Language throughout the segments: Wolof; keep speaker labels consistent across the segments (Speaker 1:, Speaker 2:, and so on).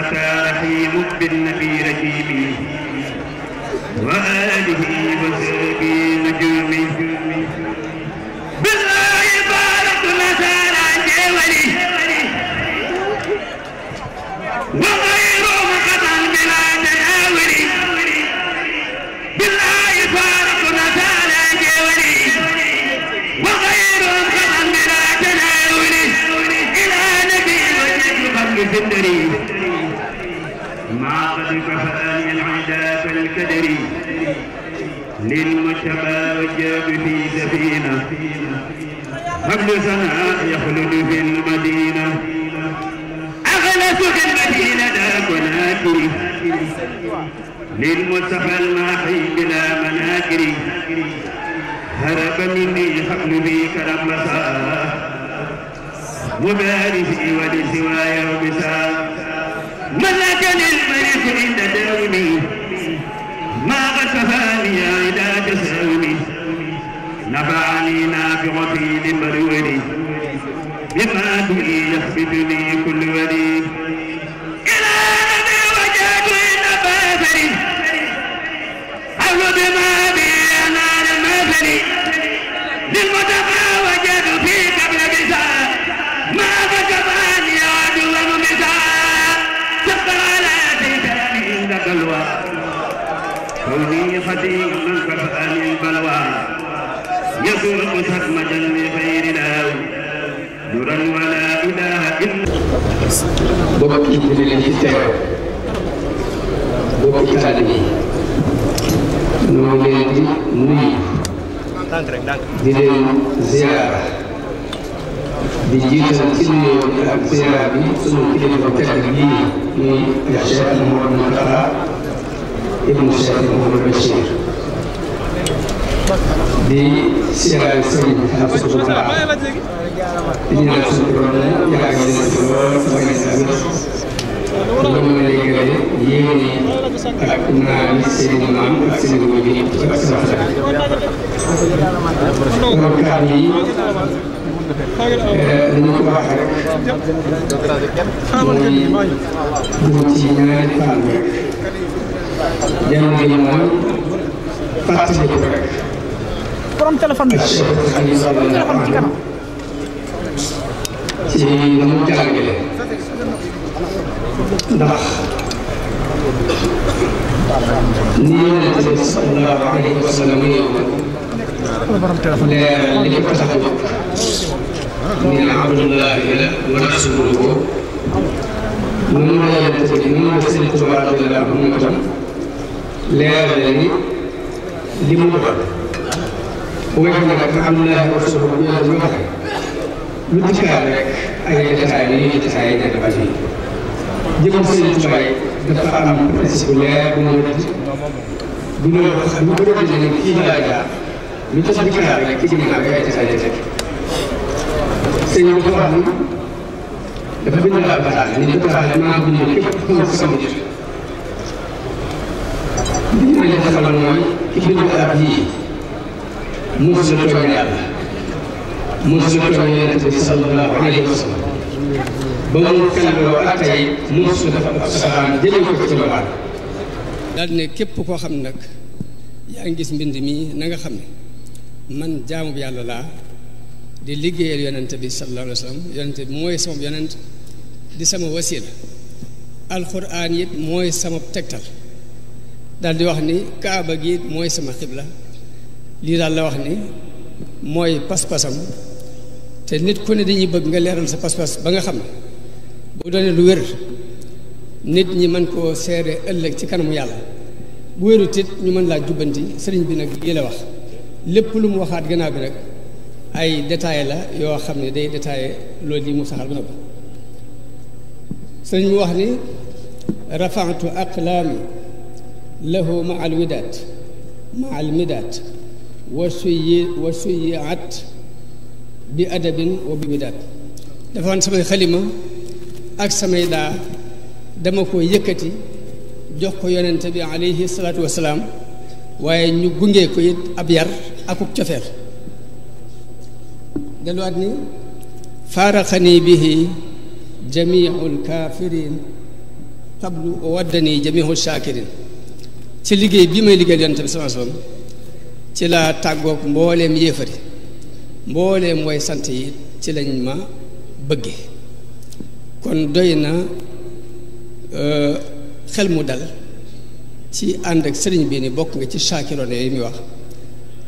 Speaker 1: أتى رحيم بالنبي رحيم وآله وصحبه فهاني العذاب الكدري للمتباجب في سفينة قبل سنة يخلد في المدينة أغلس في المدينة كناكري للمصطفى الماحي بلا مناكري هرب مني حقل بي كرم مساء مبارسي ولسواي وبساء ملك للملك عند دومي ما غسفاني إذا تسعوني نفعني نافعتي لمروري بما به يخفتني كل ولي ولي من كفى من بلوى يسوق سهم جل خير الله نورا ولا اله الا
Speaker 2: بوك يجري للحساب
Speaker 3: بوك يتعلمي نوغي دي نوي di leen ziar di jiital ci nuyoo bi ak ziar bi sunu kilifa tedd bii muy Cheikh Mouhamed Mountakha ibnu Cheikh Mouhamadou Bachir di siyaare sëriñ bi xam su ko baax di ñaan suñu borom yàgg na ci lool may na ci wér lu mu lay gëree yéene ak naa ni seen maam ak seen wóobi ak seen xarit borom kaam yi dañu eh, ko wax rek muy dugg ci ñaari fànn rek jamono ji moom fàttali ko rek.
Speaker 4: borom téléphone bi. téléphone
Speaker 3: ci kanam. ci nu mu jàngale ndax ni Yonent bi sallallahu alayhi wa sallam leeral li ko tax a jóg min abdullahi la wa rasuluhu noonu la Yonent bi noonu la Sëriñ Tuubaa radiyallaahu anhu leer na ni li mu doxal bu nga xam ne dafa am naa wax suba bu ñu doon doxal lu dikkaat rek ay détails yi ñuy détaillé ñetti bàcc yi jëmale seen tubaay dafa am principe leer bu ñu wax bu ñu wax bu ñu wax ne kii laa jaar lu tax dikkaat rek ci ginnaaw bi ay détaillé teg sëñ bi dafa am dafa bind laa bataax ni bataax maa bind képp ku sama jëf ma ah, ne képp koo xam nag yaa ngi gis mbind mii nanga xam ne man jaamu yàlla laa di liggéeyal yonent bi sallallahu alayhi yonent bi mooy sama yonent di sama wasiila alxuraan it mooy sama tegtal daal di wax ni kaaba gi mooy sama la lii daal la wax ni mooy pas-pasam te nit ku ne dañuy bëgg nga leeral sa pas-pas ba nga xam ne bu doonee lu wér nit ñi mën koo seere ëllëg ci kanamu yàlla bu wéru tit ñu mën laa jubbanti sëriñ bi nag lii la wax lépp lu mu waxaat gannaaw bi nag ay détail la yoo xam ne day détaillé loolu yi mu saxal ba noppi sëriñ mu wax ni rafaatu aqlaami له مع الوداد مع المداد وسي وسيعت بأدب وبوداد dafa am samay xalima ak samay daa dama ko yëkkati jox ko yonente bi alayhi salaatu wasalaam waaye ñu gungee ko it ab yar akuk cofeel delluwaat ni faaraxani bihi jamiu lkafirin qablu waddani jamiu shakirin ci liggéey bi may liggéey yonent bi sallallahu alayhi ci laa tàggoog mbooleem yéefari mbooleem way sant yi ci lañ ma bëgge kon doy na euh, xel mu dal ci ànd ak sëriñ bi ni bokk nga ci shaakiroon yi muy wax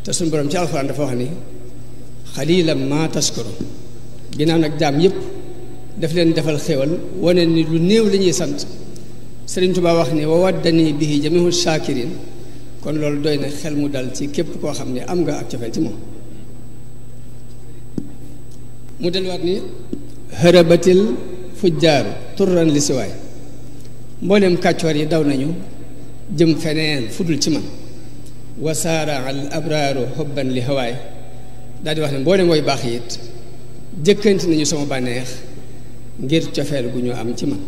Speaker 3: te suñu borom ci alxuraan dafa wax ni xaliilan maa tashkuru ginnaaw nag jaam yépp daf leen defal xéwal wane ni lu néew lañuy sant Sëriñ Tuubaa wax ni wa waddani bihi jamihu shaakirin kon loolu doy na xel mu dal ci képp koo xam ne am nga ak cofeel ci moom mu delluwaat ni hërëbatil fujjaaru turran li siwaay mbooleem kàccoor yi daw nañu jëm feneen fudul ci man wasaara al abraaru xobban li hawaay daal di wax ne mbooleem woy baax it jëkkanti nañu sama bànneex ngir cofeel gu ñu am ci man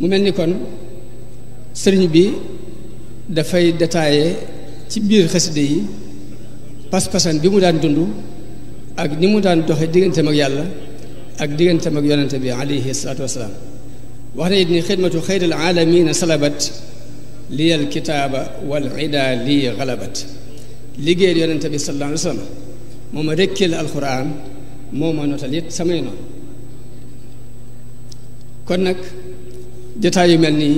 Speaker 3: mu mel ni kon sëriñ bi dafay détaillé ci biir xasida yi pas-pasan bi mu daan dund ak ni mu daan doxe digganteem ak yàlla ak digganteem ak yonente bi alayhi salaatu wasalaam wax na it ni xidmatu xayril aalamiina salabat liyal kitaaba wal ida lii xalabat liggéeyal yonente bi sallallahu moo ma rekkil alquran moo ma notal it samay noonu kon nag jataay yu mel nii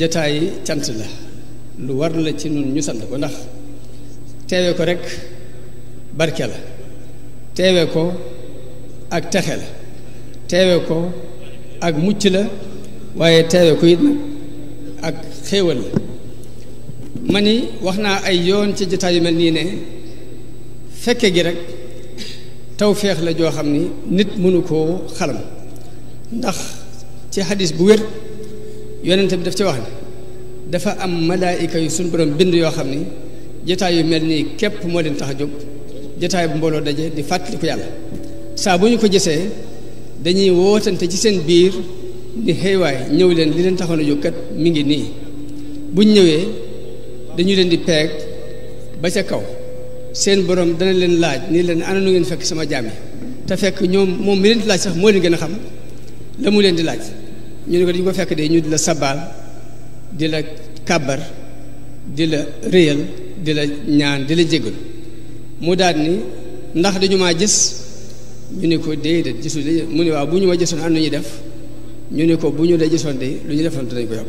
Speaker 3: jataay cant la lu war la ci nun ñu sant ko ndax teewe ko rekk barke la teewe ko ak texe la teewe ko ak mucc la waaye teewe ko it nag ak xéewal la ma ni wax naa ay yoon ci jataay yu mel nii ne fekke gi rekk tawféex la joo xam ni nit mënu koo xalam ndax ci xadis bu wér yonent bi daf ci wax ne dafa am malaayika yu suñ borom bind yoo xam ni jataay yu mel nii képp moo leen tax a jóg jataay bu mbooloo daje di fàttaliku yàlla saa bu ñu ko gisee dañuy wootante ci seen biir ni xëy ñëw leen li leen taxoon a jóg kat mi ngi nii buñ ñëwee dañu leen di peeg ba ca kaw seen borom dana leen laaj ni leen ana nu ngeen fekk sama jaam yi te fekk ñoom moom mu leen di laaj sax moo leen gën a xam la mu leen di laaj ñu ne ko dañu ko fekk de ñu di la sabaal di la kàbbar di la réyal di la ñaan di la jégalu mu daal ni ndax dañu ma gis ñu ne ko déedéet gisul mu ne waaw bu ñu ma gisoon am na ñuy def ñu ne ko bu ñu dee gisoon de lu ñu defoon dinañ ko yokk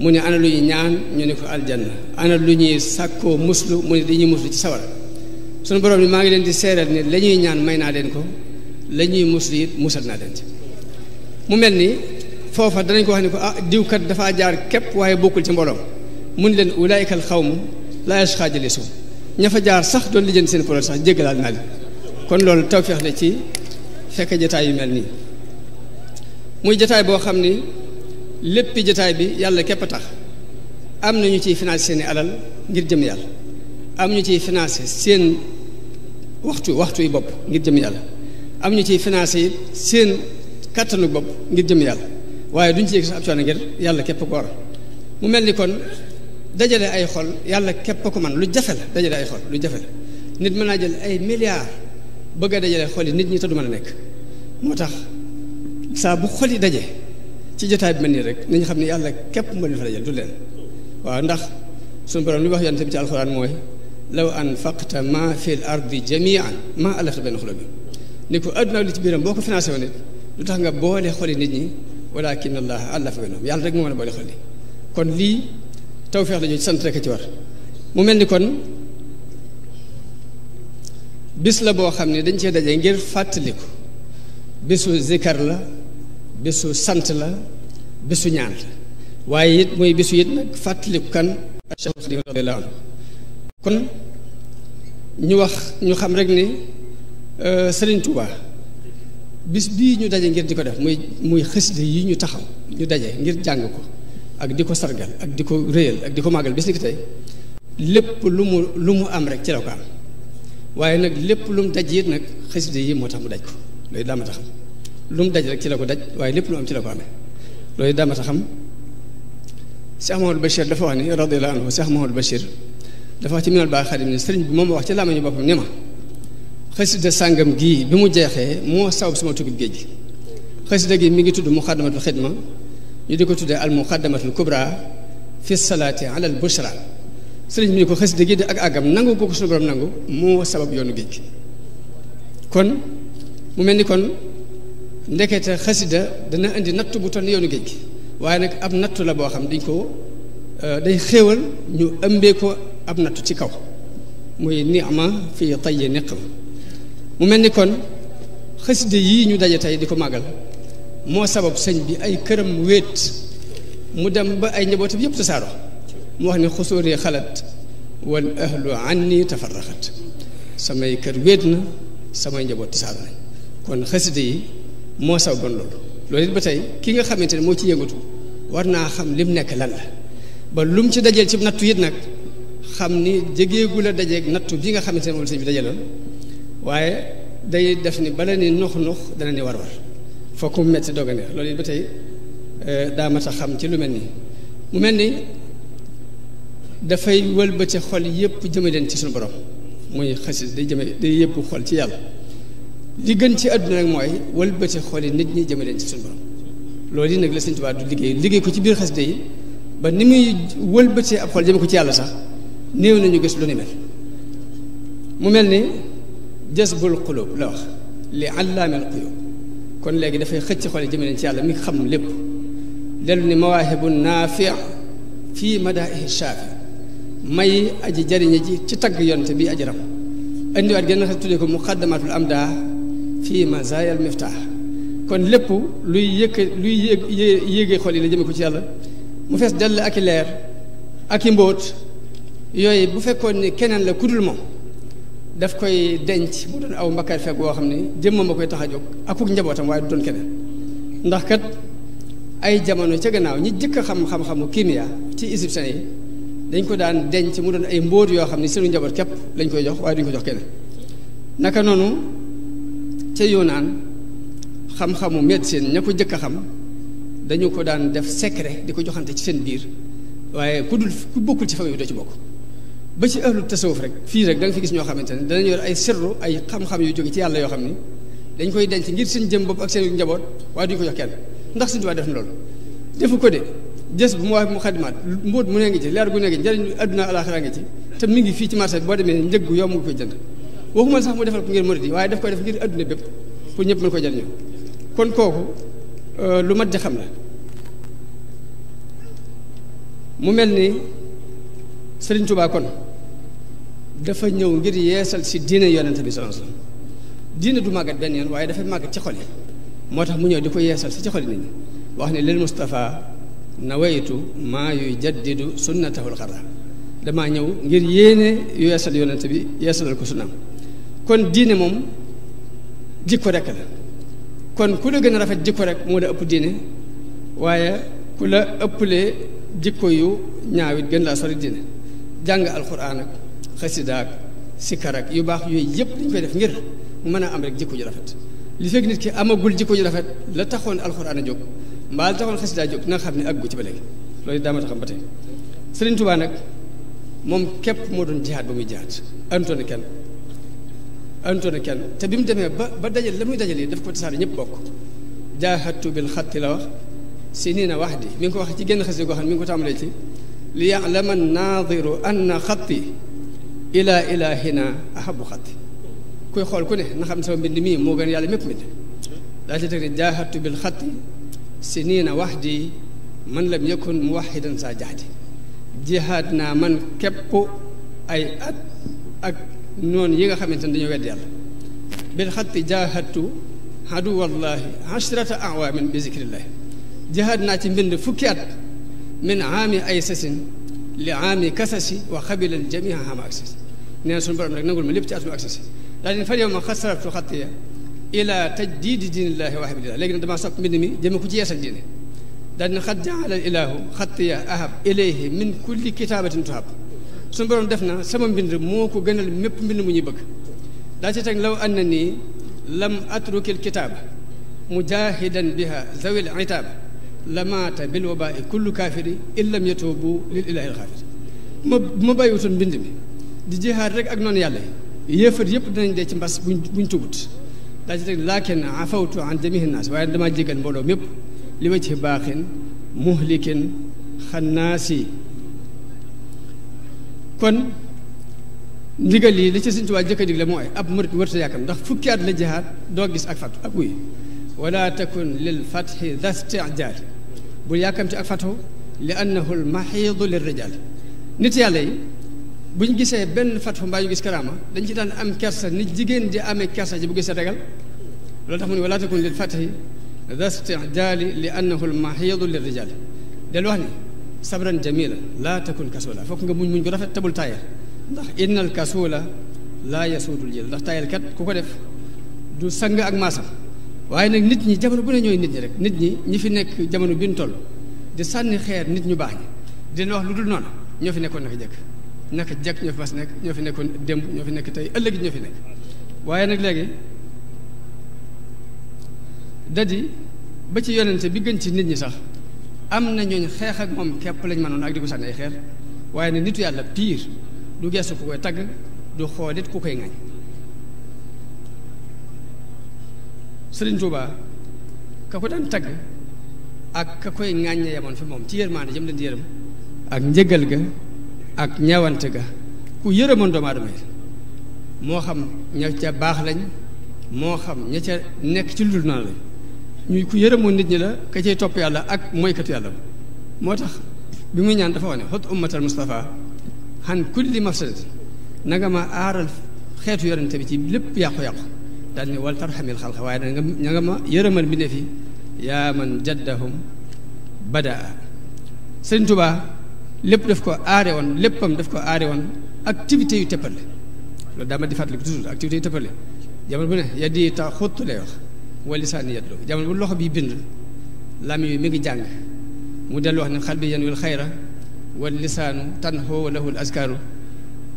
Speaker 3: mu ne ana lu ñuy ñaan ñu ne ko aljanna ana lu ñuy sàkkoo muslu mu ne ñuy muslu ci sawara sunu borom ni maa ngi leen di seeral ni la ñuy ñaan may naa leen ko la ñuy muslu it musal naa leen ci mu mel ni foofa danañ ko wax ne ko ah diw dafaa jaar képp waaye bokkul ci mbooloom mu ni leen ulaayika al xawmu laa yashqaa jalisuhum ña fa jaar sax doon lijjanti seen problème sax jéggalaal naa leen kon loolu tawfeex la ci fekk jataay yu mel nii muy jataay boo xam ni léppi jataay bi yàlla képp a tax am na ñu ciy financé seeni alal ngir jëm yàlla am ñu ciy financé seen waxtu waxtu bopp ngir jëm yàlla am ñu ciy financé seen kàttanu bopp ngir jëm yàlla waaye duñ ci yëg sax ab coono ngir yàlla képp ko war mu mel ni kon dajale ay xol yàlla képp ko man lu jafe la dajale ay xol lu jafe la nit mën naa jël ay milliards bëgg a dajale xol yi nit ñi te du mën a nekk moo tax saa bu xol yi daje ci jotaay bi mel nii rek nañu xam ne yàlla képp moo leen fa dajal du leen waaw ndax suñu borom li wax yonent bi ci alxuraan mooy law anfaqta ma fi l ardi jamian ma alafta benn xolo bi ni ko addunaaw li ci biiram boo ko financé woon nit lu tax nga boole xoli nit ñi walakin allah àlla fa baynahum yàlla rek moo mën a boole xol kon lii tawfeex la jooju sant rek a ci war mu mel ni kon bis la boo xam ne dañ cee daje ngir fàttaliku bisu zikar la bisu sant la bisu ñaan la waaye it mooy bisu it nag fàttaliku kan kon ñu wax ñu xam rek ni euh, Sëriñ Tuubaa bis bii ñu dajee ngir di ko def muy muy xasida yi ñu taxaw ñu daje ngir jàng ko ak di ko sargal ak di ko réyal ak di ko màggal bis ni ki tey lépp lu mu lu mu am rek ci la ko am waaye nag lépp lu mu daj nag xasida yi moo tax mu daj ko loolu daa ma taxam lu mu ko daj waaye lépp lu am ci la ko amee loolu daa ma taxam Cheikh Mahamadou Bachir dafa wax ni radiyallahu anhu Cheikh Mahamadou Bachir dafa wax ci minal baa xadim ni sëriñ bi wax ci làmmiñu boppam ni ma xasida sàngam gii bi mu jeexee moo sabab sama tugub géej gi xasida gi mi ngi tudd muxaddamatul xidma ñu di ko tuddee al muxaddamatul kubra fi salaati ala al bushra sëriñ bi ni ko xasida gi di ak àggam nangu googu suñu borom nangu moo sabab yoonu géej gi kon mu mel ni kon ndekete xasida dana indi nattu bu toll yoonu géej gi waaye nag ab nattu la boo xam dañ ko euh, day xéewal ñu ëmbee ko ab nattu ci kaw muy ni'ma fii tayyi niqam mu mel ni kon xaside yii ñu daje tey di ko màggal moo sabab sëñ bi ay këram wéet mu dem ba ay njabootam yëpp tasaaroo mu wax ne xusóoree xalat wal ahlu anni tafarraxat samay kër wéet na samay njaboot tasaaroo nañ kon xaside yi moo sababoon loolu loolu it ba tey ki nga xamante ne moo ci yëngatu war naa xam li mu nekk lan la ba lu mu ci dajee ci nattu it nag xam ni jegeegu la dajeeg nattu bi nga xamante ne moom la sëñ bi dajeeloon waaye day def ni bala ni nux nux dana ni war war fokk mu metti doog neex loolu it ba tey euh, daa mat a xam ci lu mel nii mu mel ni dafay wëlbati xol yépp jëme leen ci suñu borom muy xasit day jëme day yépp xol ci yàlla li gën ci àdduna rek mooy wëlbati xol yi nit ñi jëme leen ci suñu borom loolu yi nag la Sëñ Tuubaa du liggéey liggéey ko ci biir xasida yi ba ni muy wëlbatee ab xol jëme ko ci yàlla sax néew nañu gis lu ni mel mu mel ni jazbul qulub la wax li allaamil quyub kon léegi dafay xëcc xole jëme leen ci yàlla mi xam lépp dellu ni mawaahibu naafi fii madaahi shaafi may aji jariñe ji ci tagg yonte bi aji ram indiwaat gën a tuddee ko am daa fii mazaayal miftaax kon lépp luy yëkk luy yéeg yéege xol yi la jëme ko ci yàlla mu fees dell ak i leer ak i mbóot yooyu bu fekkoon ni keneen la kudul moom daf koy denc bu doon aw mbakkaay fekk woo xam ne jëmmam ma koy tax a jóg akuk njabootam waaye du doon keneen ndax kat ay jamono ca gannaaw ñi jëkk a xam xam-xamu kimia ci égyptiens yi dañ ko daan denc mu doon ay mbóot yoo xam ne seenu njaboot képp lañ koy jox waaye duñ ko jox keneen naka noonu ca Yunaan xam-xamu médecine ña ko jëkk a xam dañu ko daan def secret di ko joxante ci seen biir waaye ku dul ku bokkul ci famille bi doo ci bokk ba ci ahlu tasawuf rek fii rek da nga fi gis ñoo xamante ne danañ yor ay sirru ay xam-xam yu jóge ci yàlla yoo xam ni dañ koy denc ngir seen jëm bopp ak seen njaboot waaye duñ ko jox kenn ndax Sëñ Tuubaa def na loolu ko de jës bu mu mu xadimaat mbóot mu nee ngi ci leer gu nee ngi ci njëriñ adduna ngi ci te mi ngi fii ci marché bi boo gu yomb nga koy jënd sax mu defal ko ngir murid yi waaye daf koy def ngir adduna bépp pour ñëpp mën ko jëriñoo kon kooku euh, lu mat di xam la mu mel ni Sëriñ Tuubaa kon dafa ñëw ngir yeesal si diine yonent bi sallallahu alayhi wasallam diine du màggat benn yoon waaye dafa màggat ci xol yi moo tax mu ñëw di ko yeesal si ci xol yi nit ñi wax ne lil Mustafa nawaytu maa yuy jaddidu sunnatahul xarra damaa ñëw ngir yéene yeesal yonent bi yeesalal ko su sunnaam kon diine moom jikko rek la kon ku la gën a rafet jikko rek moo la ëpp diine waaye ku la ëpple jikko yu ñaawit gën laa sori diine jàng alxuraan ak xasidaak sikkar ak yu baax yooyu yëpp dañ koy def ngir mën a am rek jikko ju rafet li fekk nit ki amagul jikko ju rafet la taxoon alxuraan a jóg mbaa la taxoon xasidaa jóg na nga xam ne àggu ci ba léegi loolu daama taxam ba tey Sëriñ Tuubaa nag moom képp moo doon jihaat ba muy jihaat antoon kenn antoon kenn te bi mu demee ba ba dajal la muy dajale daf ko tasaare ñëpp bokk jaahatu bil xatti la wax si nii na wax di mi ngi ko wax ci génn xasida goo xam ne mi ngi ko tàmbalee ci li ya'lama an-naadiru anna xatti ilaa ilaahina ahabu xatti kuy xool ku ne na xam ne sama mbind mii moo gën yàlla mépp mbind daa ci ne jaaxatu bil xatti si nii na wax di man lam yakun muwaxidan saa jaxdi jihaad naa man képp ay at ak noon yi nga xamante ne dañoo wedd yàlla bil xatti jaaxatu hadu wallahi ashrata bi zikrillahi jihaad naa ci mbind fukki at min aami ay sasin li aami kasasi wa xabilal jamia ama ak sas nee na suñu borom rek nangul ma lépp ci àdduna agsi si daal di fal yow ma xasaratu xattiya ila tajdiidi diinillaahi waahabilillah léegi nag mbind mi jëme ko ci yeesal diine daal di xat ahab ilayhi min kulli kitaabatin tuhab suñu borom def na sama mbind moo ko gënal mépp mbind mu ñuy bëgg daa ci law an na nii lam atrukil kitaaba mujahidan biha zawil itaab lamaata bil wabaa kullu kaafiri in lam yatuubu lil ilaahi alxaafir ma ma bàyyiwutoon mbind mi di jihaad rek ak noonu yàlla yéefar yëpp dinañ dee ci mbas buñ buñ tubut daa ci teg laakin afawtu an jamihi naas waaye damaa jégal mbooloo mépp li wa ci baaxin muhlikin xannaasi kon ndigal yi li ci Sëñ Tuubaa jëkk a digle mooy ab murit wërta yàkkam ndax fukki at la jihaad doo gis ak fatu ak wuy wala takun lil fathi dastijaal bul yàkkamti ak fatu li annahu l maxiidu lirrijaal nit yàlla yi bu ñu gisee benn fatfu mbaa ñu gis karaama dañ ci daan am kersa ni jigéen di amee kersa ji bu gisee ragal loolu tax mu ne walaa takun lil fatxi dastidaali li annahu l mahidu li rijali del wax ni sabran jamila laa takun kasula fokk nga muñ muñ ko rafet tabul taayal ndax innal kasula laa yasuudul jël ndax taayal kat ku ko def du sang ak maasam waaye nag nit ñi jamono bu ne ñooy nit ñi rek nit ñi ñi fi nekk jamono bi ñu toll di sànni xeer nit ñu baax ñi wax lu dul noonu ñoo fi nekkoon naka jëkk naka jekk ñoo fi mas nekk ñoo fi nekkoon démb ñoo fi nekk tey ëllëg ñoo fi waaye nag léegi dadi ba ci yonente bi gën ci nit ñi sax am na ñooñ xeex ak moom képp lañ mënoon ak di ko sànni ay xeer waaye ne nit yàlla piir du gestu ku koy tagg du xoolit ku koy ŋañ sëriñ Tuubaa ka ko daan tagg ak ka koy ŋàññe yemoon fi moom ci yërmaande jëm leen di yërëm ak njëgal ga ak ñawante ga ku yërëmoon doomu aadama yi moo xam ña ca baax lañ moo xam ña ca nekk ci ludul noonu lañ ñuy ku yërëmoon nit ñi la ka cay topp yàlla ak moykat yàlla moo tax bi muy ñaan dafa wax ne xot ummatal Mustafa xan kulli mafsadat na nga ma aaral xeetu yonente bi ci lépp yàqu-yàqu daal ne wal tarxamil xalqa waaye danga na nga ma yërëmal bi ne fi yaa man jaddahum badaa sëñ Tubaa lépp daf ko aare woon léppam daf ko aare woon activité yu tëppale loolu daa di fàttali toujours activité yu tëppale jamono bu ne yad yi ta xottu lay wax wala lisaani yadlu jamono bu loxo bi bind lam yi mi ngi jàng mu dellu wax ne xal bi yenn wil xayra wal lisaanu tan xoo lahul askaaru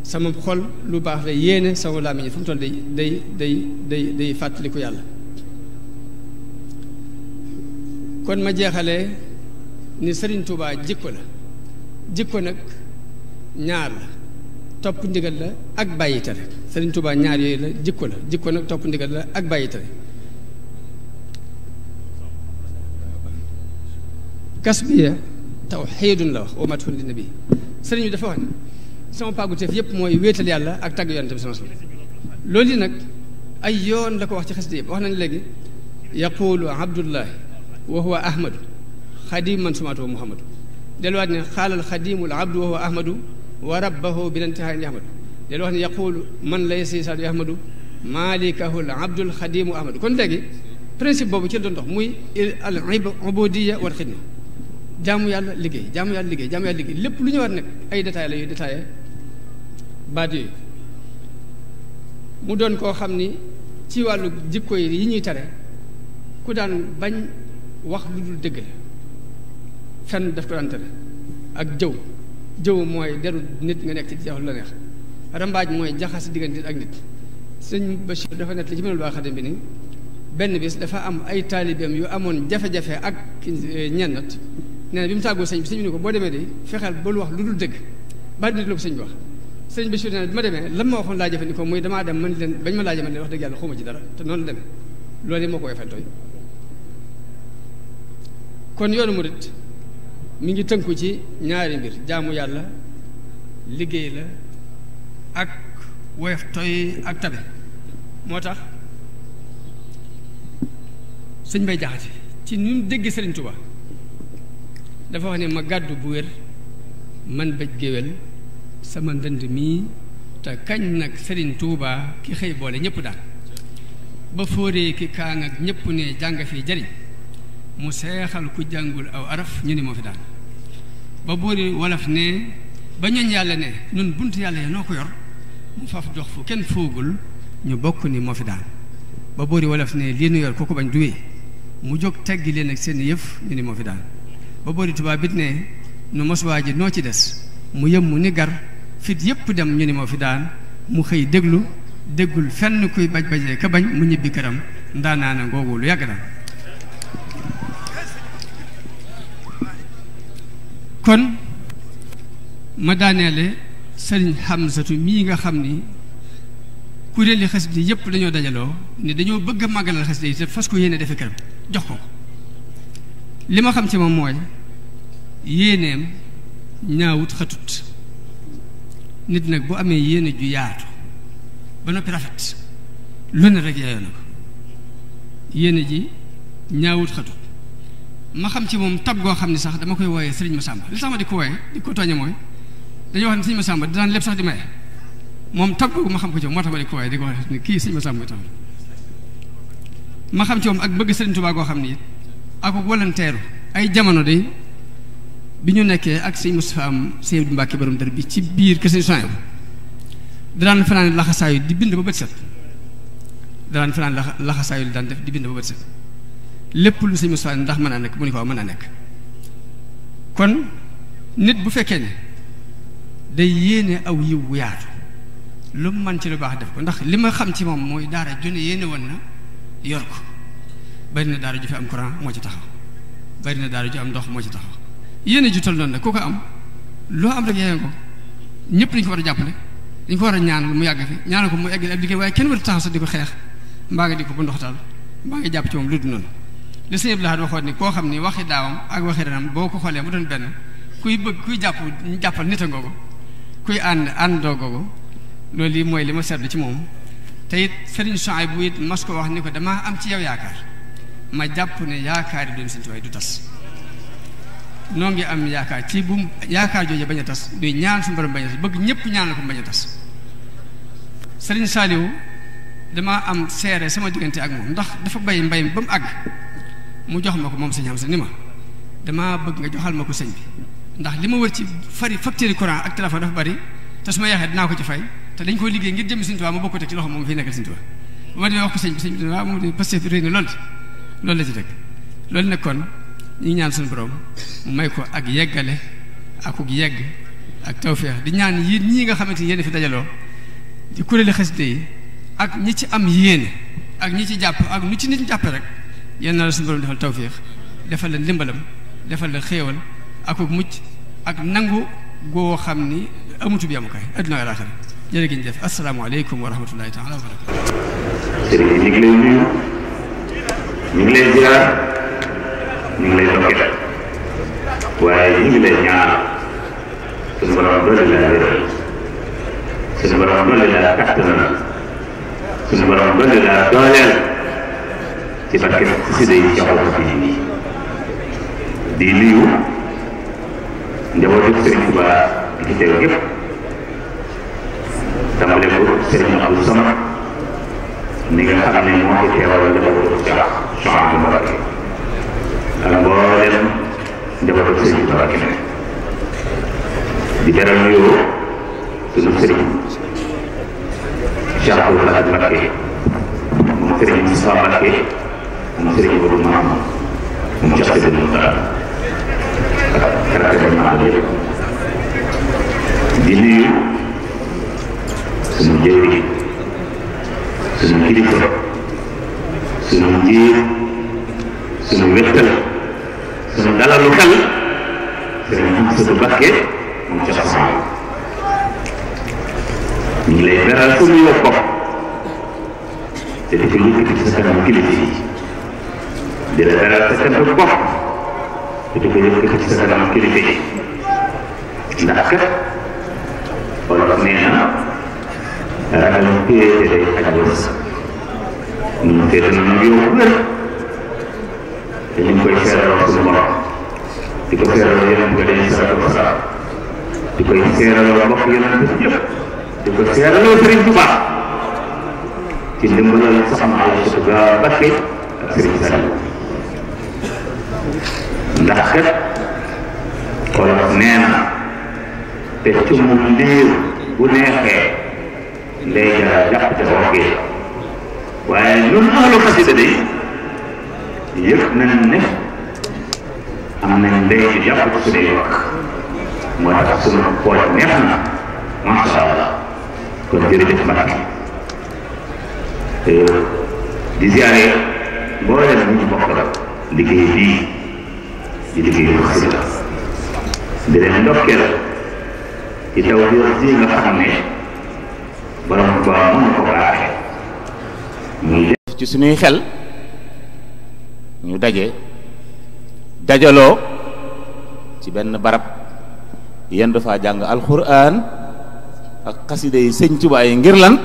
Speaker 3: sama xol lu baax la yéene sama làmmiñ fu mu toll day day day day day fàttaliku yàlla kon ma jeexale ni Sëriñ Tuubaa jikko la jikko nag ñaar la topp ndigal la ak bàyyi tere Sëriñ Tuubaa ñaar yooyu la jikko la jikko nag topp ndigal la ak bàyyi tere kasbiya tawxiidun la wax wa matxun li nabi sëriñ bi dafa wax ne sama pàgguteef yëpp mooy wéetal yàlla ak tàgg yonent bi sama loolu yi nag ay yoon la ko wax ci xasida yëpp wax nañ léegi yaqulu abdullahi wa huwa ahmadu xadiman sumaatu wa muhammadu delluwaat ne xaalal xadimul abdu wa huwa ahmadu wa rabbahu bi ahmadu del wax ne man lay si saadu ahmadu maalikahul abdul xadimu ahmadu kon léegi principe boobu ci doon dox muy al ubudiya wal xidma jaamu yàlla liggéey jaamu yàlla liggéey jaamu yàlla liggéey lépp lu ñëwaat nag ay détails la yu détaillé baat mu doon koo xam ni ci wàllu jikko yi yi ñuy tere ku daan bañ wax lu dul dëgg fenn daf ko daan tere ak jëw jëw mooy deru nit nga nekk ci jaxul la neex rambaaj mooy jaxas diggante nit ak nit sëñ Bachir dafa nekk li ci mënul baa xadim bi ni benn bis dafa am ay taalibeem yu amoon jafe-jafe ak eh, ñennat nee na bi mu tàggoo sëñ bi sëñ bi ni ko boo demee de fexeel ba lu wax lu dul dëgg ba nit la ko sëñ bi wax sëñ Bachir ma demee lan ma waxoon laa jafe ni ko muy damaa dem man leen bañ ma laa man leen wax dëgg yàlla xawma ci dara te noonu la demee loolu moo ko wefantooy kon yoonu murit mi ngi tënku ci ñaari mbir jaamu yàlla liggéey la ak woyof toy ak tabe moo tax sëñ bay jaxate ci ni mu dégg sëriñ Tuba dafa wax ne ma gàddu bu wér man bëj géwél sama ndënd mii te kañ nag sëriñ Tuuba ki xëy boole ñëpp daal ba fóoree ki kaa ak ñëpp ne jàng fi jariñ mu seexal ku jàngul aw araf ñu ni moo fi daal ba boori wolof ne ba ñooñ yàlla ne nun bunt yàlla yi noo ko yor mu faf jox fu kenn foogul ñu bokk ni moo fi daan ba boori wolof ne lii nu yor ku bañ duwee mu jóg teggi leen ak seen yëf ñu ni moo fi daan ba boori tubaab ne nu mos waa ji noo ci des mu yëm mu ni gar fit yëpp dem ñu ni moo fi daan mu xëy déglu déggul fenn kuy baj bajee ka bañ mu ñibbi këram ndaanaa na ngoogu lu yàgg daal kon ma daaneele sëriñ Hamsatu mii nga xam ni kuréeli xasida yi yëpp dañoo dajaloo ne dañoo bëgg a màggalal xasida yi te fas ko yéene defe këram jox ko li ma xam ci moom mooy yéeneem ñaawut xatut nit nag bu amee yéene ju yaatu ba noppi rafet lu rek yaayoo na ko yéene ji ñaawut xatut ma xam ci moom tab goo xam ne sax dama koy wooyee Serigne Massamba li sax ma di ko di ko tooñe mooy dañoo wax ne Serigne Massamba dinaan lépp sax di maye moom tab googu ma xam ko ci moom moo tax ma di ko wooyee di ko wax ne kii Serigne Massamba tam ma xam ci moom ak bëgg Serigne Touba goo xam ne it ak volontaire ay jamono de bi ñu nekkee ak Serigne Moustapha am Serigne Mbacke borom dër bi ci biir kër Serigne Sonia danaan fanaan laxasaayu di bind ba bët set danaan fanaan laxasaayu daan def di bind lépp lu sëñ Moussa ndax mën a nekk mu ne ko waaw mën a nekk kon nit bu fekkee ne day yéene aw yiw wu yaatu lu man ci lu baax def ko ndax li ma xam ci moom mooy daara jone yéene woon na yor ko bari na daara ju fi am courant moo ci taxaw bari na daara ju am ndox moo ci taxaw yéene ju toll noonu nag ku ko am loo am rek yéene ko ñëpp dañu ko war a jàppale dañu ko war a ñaan mu yàgg fi ñaan ko mu egg ab liggéey waaye kenn war a taxaw sax di ko xeex mbaa nga ko bu ndoxtaal mbaa jàpp ci moom lu dul noonu li sëñ Abdou Lahad ni koo xam ni waxi daawam ak waxi renam boo ko xoolee mu doon benn kuy bëgg kuy jàpp jàppal nit a ngoogu kuy ànd àndoo googu loolu lii mooy li ma seetlu ci moom tey it sëriñ Soxaay bu it mas ko wax ni ko damaa am ci yow yaakaar ma jàpp ne yaakaar yi doon sëñ du tas noo ngi am yaakaar ci bu yaakaar jooju bañ a tas duy ñaan suñu borom bañ a tas bëgg ñëpp ñaan la ko bañ a tas sëriñ Saaliw damaa am seere sama diggante ak moom ndax dafa bay mbay ba mu mu jox ma ko moom sëñ Hamza ni ma damaa bëgg nga joxal ma ko sëñ bi ndax li ma wër ci fari facture courant ak téléphone dafa bari te su ma yeexee dinaa ko ci fay te dañ koo liggéey ngir jëm Sëñ Tuubaa ma bokk teg ci loxo moom fii nekkal Sëñ Tuubaa bu ma demee wax ko sëñ bi sëñ ah, loolu la ci dëkk loolu nag ñu ñaan suñu borom mu may ko ak yeggale ak ku yegg ak tawféex di ñaan yi ñii nga xamante ni yéen fi dajaloo di kuréeli xasida yi ak ñi ci am yéene ak ñi ci jàpp ak ñu ci nit jàppee rek yal na la suñu borom defal tawféex defal la ndimbalam defal la xéewal ak mucc ak nangu goo xam ni amutu bi amukaay adduna alaaxira jërë ngeen jëf asalaamaaleykum ñu ngi
Speaker 5: lay nuyu ñu ngi lay ziar ñu ngi lay ndokkeel laa dooleel. ci barke xasida yi Seexul Xadiim yi di nuyu njabootu Sëriñ Tuubaa di ci teew yëpp tàmbale ko Sëriñ Abdou Samad mi nga xam ne moo fi teewal njabootu Cheikh Souhaïbou Mbacké ak mboolem njabootu Sëriñ Tuubaa gi nekk di teral nuyoo sunu sëriñ Cheikh Abdou Lahad moom sëriñ Modou Maam moom jox sëriñ Moustapha ak rakk dañ ma am yëpp di nuyu suñu jëwri suñu kilifa suñu njiir suñu wéttal suñu dalalu xel sëriñ Amsatu Bakke moom jox sama ñu ngi lay beral suñu yokkoo te di ko yëkkati sa kanam kilifa yi di la dalal sa cant bopp di ko yëkkati sa kanam kilifa yi ndax kat wolof nee na ragal féete day xaj wës ñun féete na mu yow wér te ñu ngi koy seeral suñu borom di ko seeral yeneen nga day saratu salaam di koy seeral mbokk yeneen bés yëpp di ko seeral Sëriñ Tuubaa ci ndimbalal soxna Aïssata Ba Mbacké ak Sëriñ Saliou ndax xet wolof nee na te cumul liir bu neexee ndey jara jàpp te woggee waaye ñun ahlu xasida day yëg nañ ne am nañ ndey ju jàpp ko su day wax moo tax neex na macha allah kon jërëjëf Mbacke euh, di ziare mboolem ñu bokkal liggéey bii ci tawfiix ji suñuy xel
Speaker 6: ñu daje dajaloo ci benn barab yenn dafaa jàng alxuraan ak xasida yi sëñ Tuubaa yi ngir lan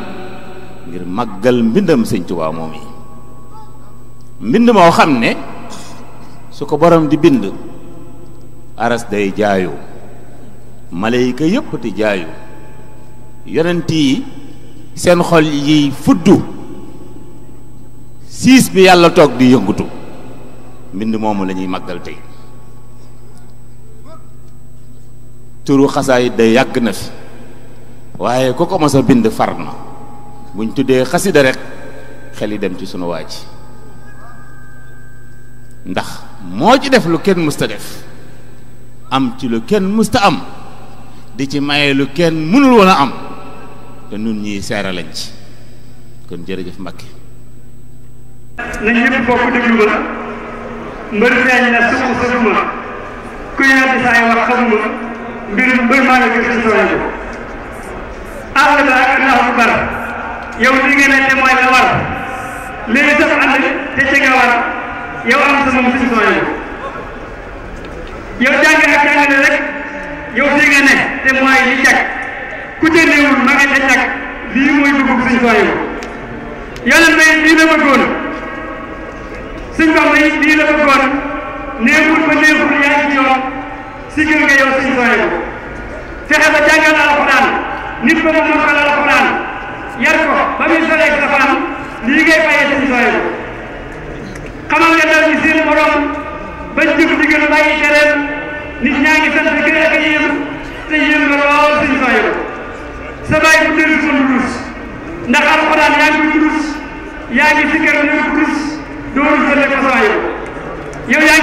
Speaker 6: ngir màggal mbindam sëñ Tuubaa moom yi mbind moo xam ne su ko borom di bind aras day jaayoo malayka yëpp di jaayu yonent yi seen xol yiy fuddu siis bi yàlla toog di yëngutu mbind moomu lañuy ñuy màggal tey turu xasaayit day yàgg na fi waaye ku ko mos bind far na buñ tuddee xasida rek xel yi dem ci sunu waaj ndax moo ci def lu kenn musta def am ci lu kenn musta am di ci maye lu kenn mënul woon a am te nun ñii seera lañ ci kon jërëjëf Mbacke
Speaker 1: na ñëpp bokk déglu ma mbër feeñ na sumu sëfuma ku ñëw di saay wax mbir mbër maa ngi gis sooy ko àll ba ak bu bar yow li nga ne te mooy la war léegi sax ànd te ci nga war yow am sa moom suñu sooy yow jàng ak jàngale rek yow fii nga ne te mooy li jag ku ca néewul ma nga ca jag lii mooy dugub suñu sooy yàlla may lii la bëggoon suñ bàq yi lii la bëggoon néewul ba néewul yaa ngi yoon si gën nga yow suñu sooy fexe ba jàngal alxuraan mu mokkal alxuraan yar ko ba muy soleeg sa femme lii ngay fayee suñu sooy xamal nga daw ñi seen borom bañ jëf digal bàyyi tereem nit ñaa ngi sant gën a ko yéem te yéem nga sa bàyyi bu dëri son rus ndax alxuraan yaa ngi koy rus yaa ngi sikkar ne ko rus doo rusale ko faayu yow yaa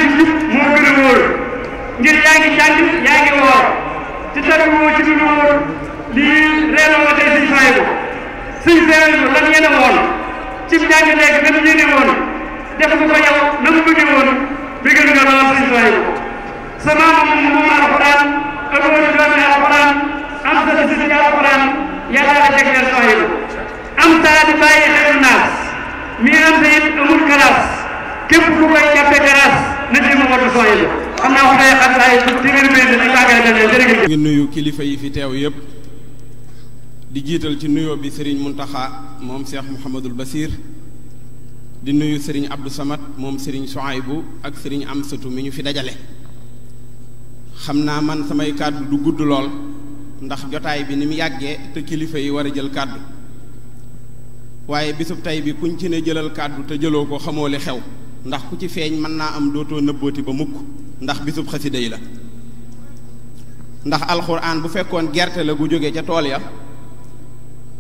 Speaker 1: moo gën a wóor ngir yaa ngi jàng woor te tamit woo ci lu wóor lii reeno nga tey suñu faayu suñu faayu lan ngeen a woon ci jàng nekk lan ngeen a woon def nga ko yow na mu bëggee woon bëggal nga lool sëñ Suhaybu sa maam moom moom alxuraan amoon na doomi alxuraan am sa si si alxuraan yàlla la jagleel Suhaybu am saa di bàyyi naas mi am sa it amul kalaas képp ku koy jàppee kalaas na jéem a watu Suhaybu xam naa wax dëgg xasaay téeméeri mbir mi dañu màggale dañu jërëjëf.
Speaker 4: ngi nuyu kilifa yi fi teew yëpp di jiital ci nuyoo bi Serigne Mountakha moom Cheikh Mouhamadul Basir. di nuyu sëriñ Abdou Samad moom sëriñ bu ak sëriñ Amsatu mi ñu fi dajale xam naa man samay kàddu du gudd lool ndax jotaay bi ni mu yàggee te kilifa yi war a jël kàddu waaye bisub tey bi kuñ ci ne jëlal kàddu te jëloo ko xamoo li xew ndax ku ci feeñ mën naa am dootoo nëbbooti ba mukk ndax bisub xasida yi la ndax alxuraan bu fekkoon gerte la gu jóge ca tool ya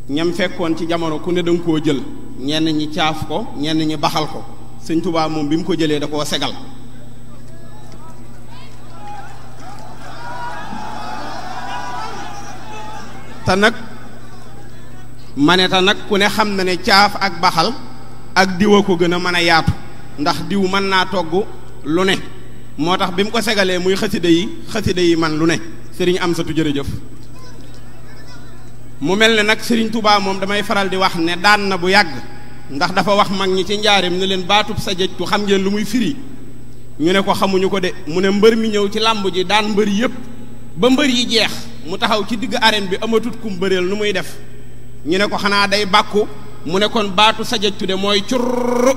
Speaker 4: ñam fekkoon ci jamono ku ne da koo jël ñenn ñi caaf ko ñenn ñi baxal ko sëñ Tuubaa moom bi mu ko jëlee da koo segal te nag ma ne te nag ku ne xam na ne caaf ak baxal ak diwa ko gën a mën a yaatu ndax diw mën naa togg lu ne moo tax bi mu ko segalee muy xasida yi xasida yi man lu ne sëriñ am satu jërëjëf mu mel ne nag Serigne Touba moom damay faral di wax ne daan na bu yàgg ndax dafa wax mag ñi ci njaareem ne leen baatub sa jëjtu xam ngeen lu muy firi ñu ne ko xamuñu ko de mu ne mbër mi ñëw ci làmb ji daan mbër yëpp ba mbër yi jeex mu taxaw ci digg arène bi amatut kum bëreel nu muy def ñu ne ko xanaa day bàkku mu ne kon baatu sajajtu de mooy curr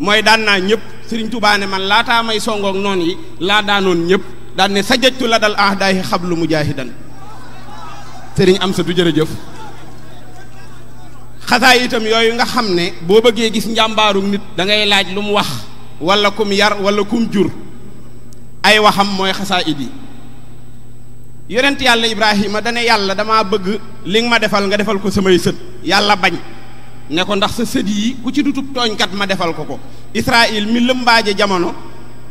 Speaker 4: mooy daan naa ñëpp Serigne Touba ne man laataa may songoog noon yi laa daanoon ñëpp daan ne sajajtu la dal ah daayi xablu mujaahidan sëriñ am sa du jërëjëf xasaay itam yooyu nga xam ne boo bëggee gis njàmbaaru nit dangay laaj lu mu wax wala kum yar wala kum jur ay waxam mooy xasaa it yi yonent yàlla ibrahima dane yàlla damaa bëgg li ma defal nga defal ko samay sët yàlla bañ ne ko ndax sa sët yi ku ci dutub tooñkat ma defal ko ko israil mi lëmbaaje jamono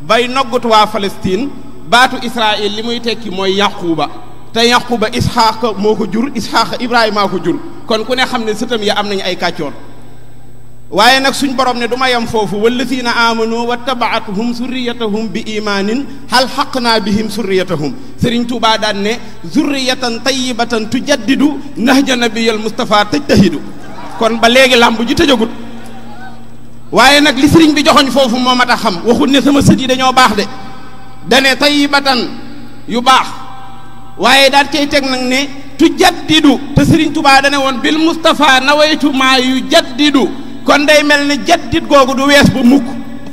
Speaker 4: bay noggut waa Palestine baatu israil li muy tekki mooy yàquuba te yaquba isxaaqa moo ko jur isxaaqa ibrahima ko jur kon ku ne xam ne sëtam ya am nañu ay kàccoor waaye nag suñ borom ne du ma yem foofu wallazina amanu wa tabaatuhum zurriyatahum bi imaanin hal xaqnaa bihim zurriyatahum sëriñ tuubaa daan ne zurriyatan tayyibatan tujaddidu nahja nabiyal mustafa tajtahidu kon ba léegi làmb ji tëjagut waaye nag li sëriñ bi joxoñ foofu moo mat a xam waxut ne sama sët yi dañoo baax de dane tayyibatan yu baax waaye daal cay teg nag ne tu jaddidu te Serigne Touba dane woon bil Moustapha nawaytu maa yu jaddidu kon day mel ne jaddit googu du wees ba mukk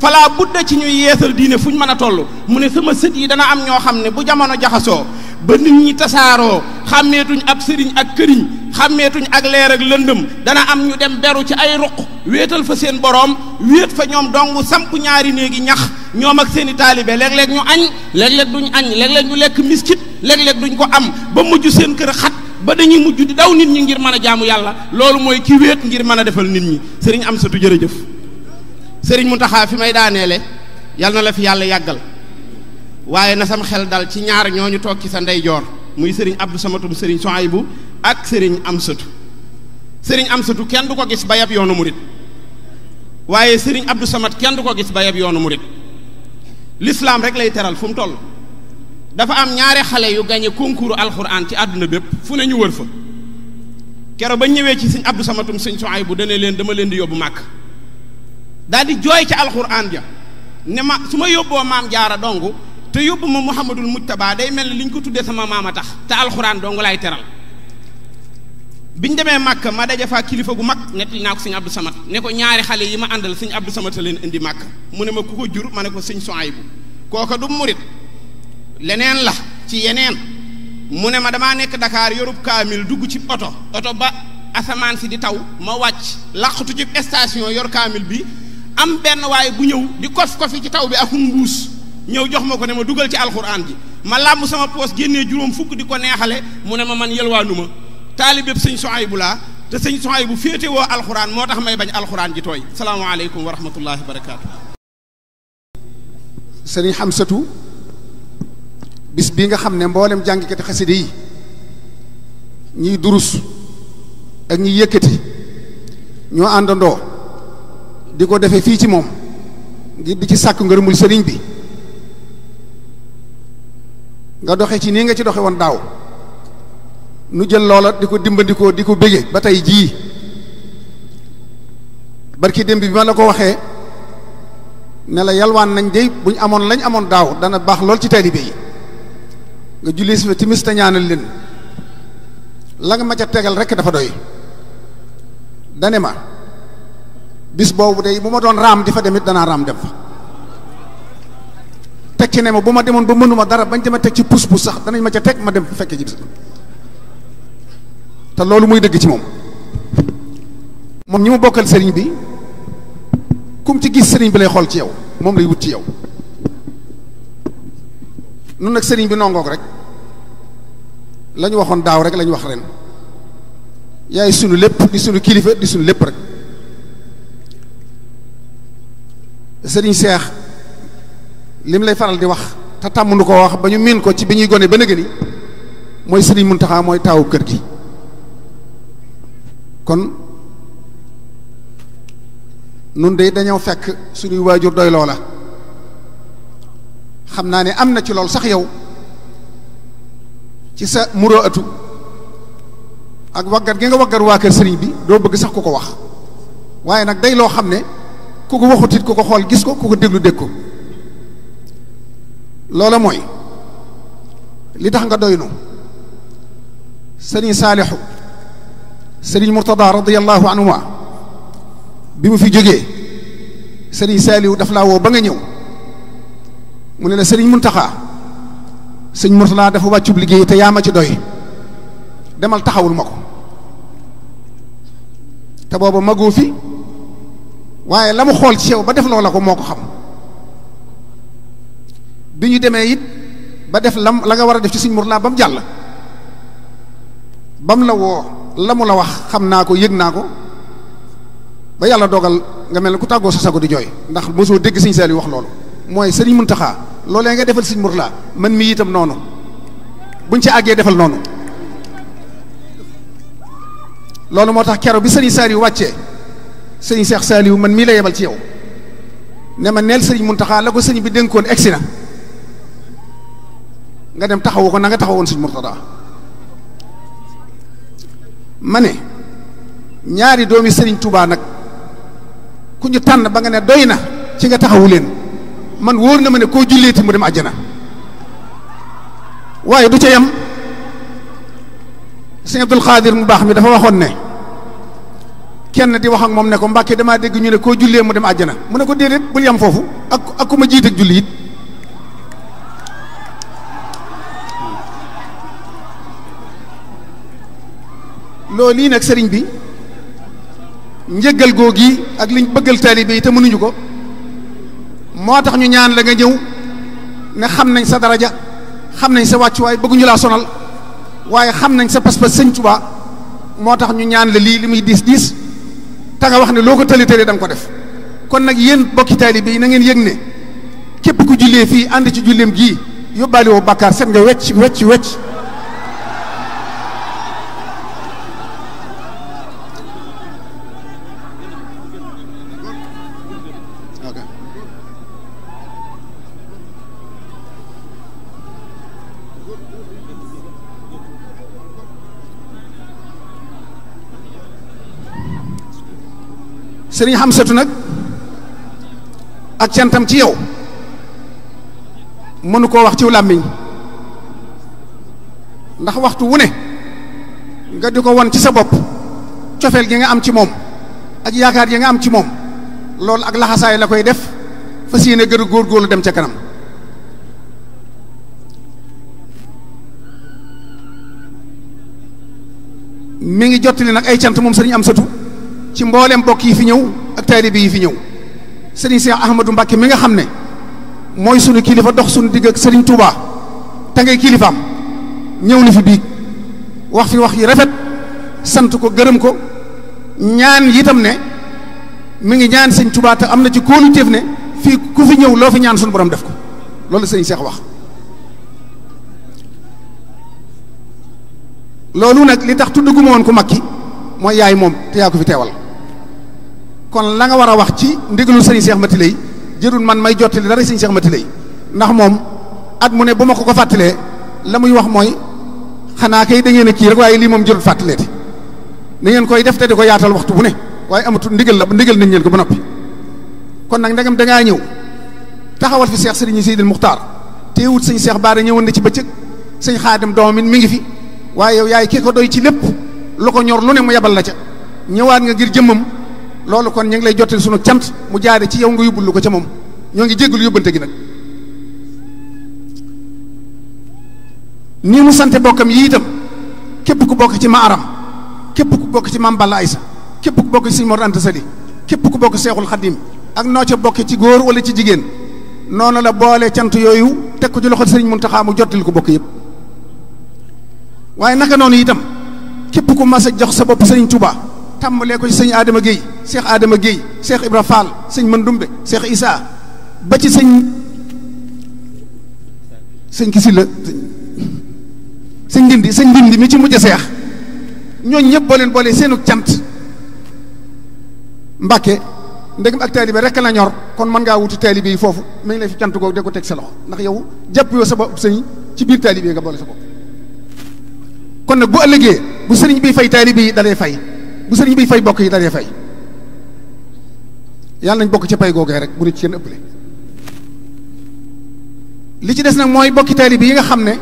Speaker 4: falaa budda ci ñuy yeesal diine fu ñu mën a toll mu ne sama sët yi dana am ñoo xam ne bu jamono jaxasoo ba nit ñi tasaaroo xàmmeetuñu ab sëriñ ak këriñ xàmmeetuñu ak leer ak lëndëm dana am ñu dem beru ci ay ruq wéetal fa seen boroom wéet fa ñoom dong samp ñaari néegi ñax ñoom ak seeni taalibe léeg-léeg ñu añ léeg-léeg duñ añ léeg-léeg ñu lekk miskit léeg-léeg duñ ko am ba mujj seen kër xat ba dañuy mujj di daw nit ñi ngir mën a jaamu yàlla loolu mooy ci wéet ngir mën a defal nit ñi sëriñ Amsatu jërëjëf sëriñ Muntaxa fi may daaneele yàlla na la fi yàlla yàggal waaye na sam xel dal ci ñaar ñooñu toog ci sa ndeyjoor muy sëriñ Abdou Samatum sëriñ bu ak sëriñ Amsatu sëriñ Amsatu kenn du ko gis bayab yoonu mu murit waaye sëriñ Abdou Samad kenn du ko gis bayab yoonu murit lislaam rek lay teral fu mu toll dafa am ñaari xale yu gañe concours alxuraan ci àdduna bépp fu ne ñu wër fa kero ba ñëwee ci sëñ Abdou Samatum sëñ Sohaybu dane leen dama leen di yóbbu màkk daal di jooy ci alxuraan ja ne ma su ma yóbboo maam jaara dong te yóbbu ma Muhammadul Mujtaba day mel ne li ñu ko tuddee sama a tax te alxuraan dong laay teral biñ demee Màkka ma daje fa kilifa gu mag nettali naa ko sëñ sama Samad ne ko ñaari xale yi ma àndal sëñ Abdou sama a leen indi Màkka mu ne ma ku ko jur ma ne ko sëñ Soaybu kooka du murit leneen la ci yeneen mu ne ma damaa nekk Dakar yorub kaamil dugg ci oto oto ba asamaan si di taw ma wàcc làqatu ci station yor kaamil bi am benn waaye bu ñëw di kof ci taw bi ak ñëw jox ma ko ne ma dugal ci alxuraan ji ma làmb sama poos génnee juróom fukk di ko neexale mu ne ma man yelwaanu ma taalibe sëñ Suhaybu laa te sëñ Suhaybu féete woo alxuraan moo tax may bañ alxuraan ji tooy salaamaaleykum wa rahmatullahi wa barakaatu.
Speaker 7: sëriñ Xamsatu bis bi nga xam ne mboolem jàngikati xaside yi ñiy durus ak ñiy yëkkati ñoo àndandoo di ko defee fii ci moom ngir di ci sàkk ngërëmul sëriñ bi. nga doxe ci nii nga ci doxe woon daaw nu jël loola di ko dimbandikoo di ko bége ba tey jii barki démb bi ma la ko waxee ne la yalwaan nañ dey bu amoon lañ amoon daaw dana baax lool ci taalibe yi nga julli si fa timis te ñaanal leen la nga ma ca tegal rekk dafa doy dane ma bis boobu day bu ma doon raam di fa demit danaa raam dem fa teg ci ne ma bu ma demoon ba mënuma dara bañ ci ma teg ci pus pus sax danañ ma ca teg ma dem fekke ji te loolu muy dëgg ci moom moom ñi mu bokkal sëriñ bi kum ci gis sëriñ bi lay xool ci yow moom lay wut ci yow nun nag sëriñ bi nongoog rek la waxoon daaw rek la wax ren yaay sunu lépp di sunu kilifa di sunu lépp rek sëriñ Seex lim lay faral di wax te tàmm nu ko wax ba ñu miin ko ci bi ñuy gone ba nëgë mooy sëriñ Muntaxa mooy taawu kër gi kon nun de dañoo fekk suñuy waajur doy loola xam naa ne am na ci lool sax yow ci sa muroo atu ak waggar gi nga waggar waa kër sëriñ bi doo bëgg sax ku ko wax waaye nag day loo xam ne ku ko waxutit ku ko xool gis ko ku ko déglu dégg ko loola mooy li tax nga doy doynu sëriñ saalixu sëriñ murtada radiallahu anhuma bi mu fi jógee sëriñ saalihu daf laa woo ba nga ñëw mu ne la sëriñ muntaxaa sëñ murtada dafa wàccu liggéey te yaa ma ci doy demal taxawul ma ko te booba magoo fi waaye la mu xool ci yow ba def loola ko moo ko xam bi ñu demee it ba def lam la nga war a def ci suñ laa ba mu jàll ba mu la woo la mu la wax xam naa ko yëg naa ko ba yàlla dogal nga mel ne ku tàggoo sa sago di jooy ndax mosoo dégg sëñ Saaliw wax loolu mooy sëriñ Muntaxa loolee nga defal sëñ laa man mii itam noonu buñ ci àggee defal noonu loolu moo tax kero bi sëriñ Saaliw wàccee sëriñ Seex Saaliw man mii la yebal ci yow ne ma neel sëriñ Muntaxa la ko sëriñ bi dénkoon egsi na nga dem taxawu ko na nga taxawoon sëñ Murtada ma ne ñaari doomi sëriñ Touba nag ku ñu tànn ba nga ne doy na ci nga taxawu leen man wóor na ma ne koo julleeti mu dem àjjana waaye du ca yam sëñ Abdul mu baax mi dafa waxoon ne kenn di wax ak moom ne ko Mbàkke damaa dégg ñu ne koo jullee mu dem àjjana mu ne ko déedéet bul yam foofu ak ak ku ma jiit ak julli loolu lii nag sëriñ bi njëggal googi ak liñ bëggal taalibe yi te mënuñu ko moo tax ñu ñaan la nga ñëw ne xam nañ sa daraja xam nañ sa wàccuwaay bëgguñu laa sonal waaye xam nañ sa pas-pas sëñ Tuubaa moo tax ñu ñaan la lii li muy diis diis te nga wax ne loo ko tëli tëli da nga ko def kon nag yéen bokki taalibe yi na ngeen yëg ne képp ku jullee fii ànd ci julleem gii yóbbaale woo bàkkaar set nga wecc wecc wecc sëriñ Xamsatu nag ak cantam ci yow mënu koo wax ci làmmiñ ndax waxtu wu ne nga di ko won ci sa bopp cofeel gi nga am ci moom ak yaakaar yi nga am ci moom loolu ak laxasaay la koy def fas yéene gën a góorlu dem ca kanam mi ngi jottali nag ay cant moom am Amsatu ci mboolem mbokk yi fi ñëw ak taalibe yi fi ñëw sëriñ Cheikh Ahmadou Mbacke mi nga xam ne mooy sunu kilifa dox sunu digg ak sëriñ Touba te ngay kilifaam ñëw na fi biig wax fi wax yi rafet sant ko gërëm ko ñaan yitam ne mi ngi ñaan sëñ Touba te am na ci kóolu téef ne fii ku fi ñëw loo fi ñaan sunu borom def ko loolu sëriñ Cheikh wax. loolu nag li tax tudd gu ma woon ku mag ki mooy yaay moom te yaa ko fi teewal kon la nga war a wax ci ndigalu sëriñ Cheikh Mati Lay jërul man may jottali dara sëriñ Cheikh Mati Lay ndax moom at mu ne bu ma ko ko fàttalee la muy wax mooy xanaa kay da ngeen a kii rek waaye lii moom jërul fàttaleeti ni ngeen koy def te ko yaatal waxtu bu ne waaye amatul ndigal la ndigal nañ leen ko ba noppi kon nag ndegam da ñëw taxawal fi seex sëriñ Seydil Muxtaar teewut sëñ Seex Baara ñëwoon na ci bëccëg sëñ Xaadim doomam mi ngi fi waaye yow yaay kii ko doy ci lépp. lu ko ñor lu ne mu yabal la ca ñëwaat nga ngir jëmmam loolu kon ñu ngi lay jottali sunu cant mu jaare ci yow nga yóbbul lu ko ca moom ñoo ngi jéggul yóbbante gi nag nii mu sante bokkam yi itam képp ku bokk ci maaram képp ku bokk ci maam Balla Aysa képp ku bokk ci Sëñ Mor Anta Sali képp ku bokk Seexul Xadim ak noo ca bokk ci góor wala ci jigéen noonu la boole cant yooyu teg ko ci loxo Sëriñ Muntaxa mu jottil ko bokk yépp waaye naka noonu itam képp ku mas a jox sa bopp sëriñ Touba tàmbalee ko ci sëñ Adama Guèye seex Adama Guèye seex Ibra Fall sëñ Mandoumbe seex Issa ba ci sëñ sëñ Kisi la sëñ Ndindi sëñ Ndindi mi ci mujj seex ñooñu ñëpp boo leen boolee seenug cant mbakke ndegam ak taalibe rek la ñor kon mën ngaa wuti taalibe yi foofu mi ngi lay fi cant googu de ko teg sa loxo ndax yow jàpp yoo sa bopp sëñ ci biir taalibe nga boole sa bopp kon nag bu ëllëgee. bu sëriñ bi fay taalibe yi dalay fay bu sëriñ bi fay bokk yi dalay fay yàlla nañ bokk ca pay googee rek bu nu ci kenn ëppale li ci des nag mooy bokki taalibe yi nga xam ne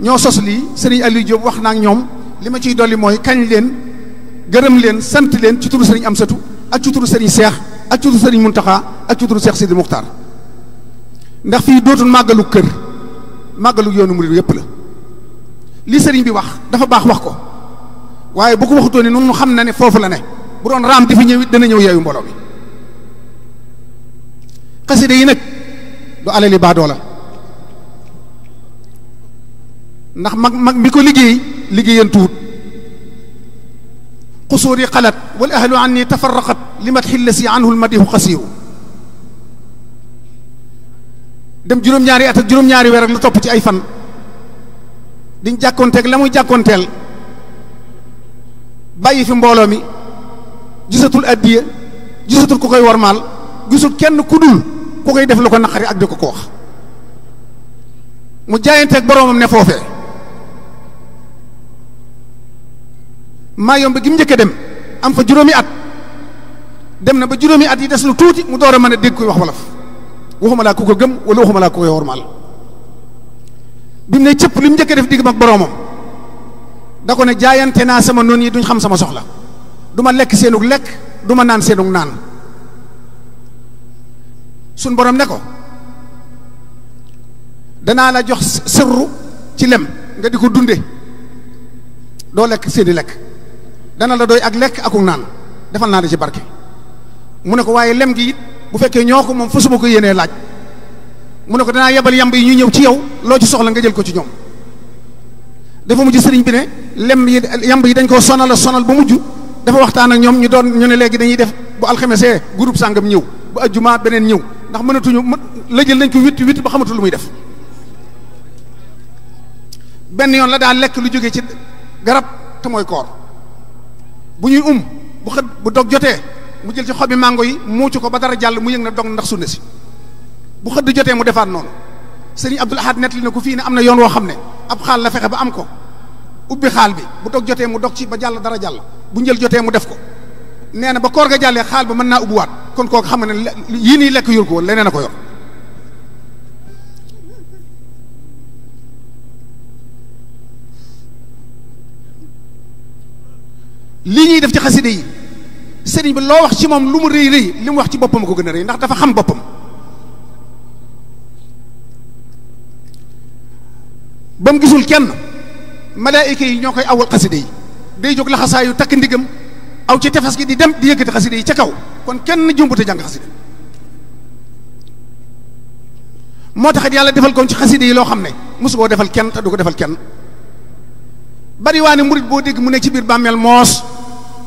Speaker 7: ñoo sos lii sëriñ Aliou wax naa ñoom li ma ciy dolli mooy kañ leen gërëm leen sant leen ci turu sëriñ Amsatu ak ci turu sëriñ Seex ak ci turu sëriñ Muntaxa ak ci turu Seex Sidi Muxtaar ndax fii dootul màggalu kër màggalu yoonu murid yépp la li sëriñ bi wax dafa baax wax ko waaye bu ko waxutoo ni nun xam na ne foofu la ne bu doon raam di fi ñëw dana ñëw yeeyu mbooloo bi xasida yi nag du alali baadoo la ndax mag mag mi ko liggéey liggéeyantuwut xusuuri xalat wal ahlu an ni tafarraqat li mat xilla si anhu lmadihu xasiiru dem juróom-ñaari at juróom-ñaari weer lu topp ci ay fan diñ jàkkoonteeg la muy jàkkoonteel bàyyi fi mbooloo mi gisatul addiya gisatul ko koy warmaal gisul kenn ku dul ku koy def lu ko naqari ak di ko ko wax mu jaayanteeg boroomam ne foofee maa yomb gi mu njëkk dem am fa juróomi at dem na ba juróomi at yi des lu tuuti mu door man mën a dégg koy wax wolof waxuma laa ku ko gëm wala waxuma ku koy warmaal bi mu ne cëpp li mu njëkk a def digg mag boroomam. da ko ne jaayante naa sama noon yi duñ xam sama soxla du ma lekk seenug lekk duma naan seenug naan suñ borom ne ko danaa la jox sërru ci lem nga di ko dunde doo lekk seeni lekk dana la doy ak lekk akuk naan defal naa la ci barke mu ne ko waaye lem gi it bu fekkee ñoo ko moom fa suma ko yéenee laaj mu ne ko danaa yebal yamb yi ñu ñëw ci yow loo ci soxla nga jël ko ci ñoom dafa mujj sëriñ bi ne lem yi yamb yi dañ koo sonal a sonal ba mujj dafa waxtaan ak ñoom ñu doon ñu ne léegi dañuy def bu alxemesee groupe sàngam ñëw bu ajjuma beneen ñëw ndax mënatuñu la jël nañ ko witt witt ba xamatu lu muy def benn yoon la daa lekk lu jóge ci garab te mooy koor bu ñuy um bu xët bu dog jotee mu jël ci xobi mango yi muucu ko ba dara jàll mu yëg na dog ndax sunna si bu xëdd jotee mu defaat noonu sëriñ Abdul Ahad nett li ne fii ne am na yoon woo xam ne ab xaal fexe ba am ko ubbi xaal bi bu dog jotee mu dog ci ba jàll dara jàll bu njël jotee mu def ko nee na ba koor ga jàllee xaal ba mën naa ubbiwaat kon kooku xam nga ne yii nii lekk yor ko woon ko yor ñuy def ci xaside yi sëriñ bi loo wax ci moom lu mu rëy rëy li mu wax ci boppam ko gën a rëy ndax dafa xam boppam ba mu gisul kenn malaayika yi ñoo koy awal xasida yi day jóg la xasaayu takk ndigam aw ci tefes gi di dem di yëkkati xasida yi ca kaw kon kenn jumbuta jàng xasida moo taxit yàlla defal ko ci xasida yi loo xam ne mosu koo defal kenn te du ko defal kenn bari waa ne murit boo dégg mu ne ci biir bàmmeel moos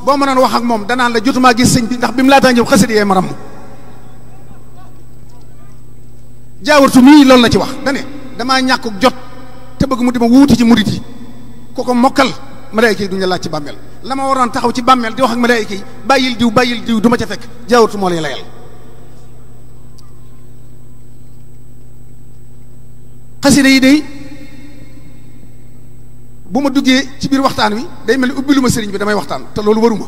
Speaker 7: boo mënoon wax ak moom danaan la jotumaa gis sëñ bi ndax bi mu laataa ñëw xasida yee maram jaawartu mii loolu la ci wax dane damaa ñàkkuk jot te bëgg mu dima wuuti ci murit yi ku ko mokkal malaayika yi duñu laaj ci bàmmeel la ma waroon taxaw ci bàmmeel di wax ak malaayika yi bàyyil diw bàyyil diw du ma ca fekk jaawatu moo lay layal xasida yi day bu ma duggee ci biir waxtaan wi day mel ni ubbi lu ma sëriñ bi damay waxtaan te loolu waruma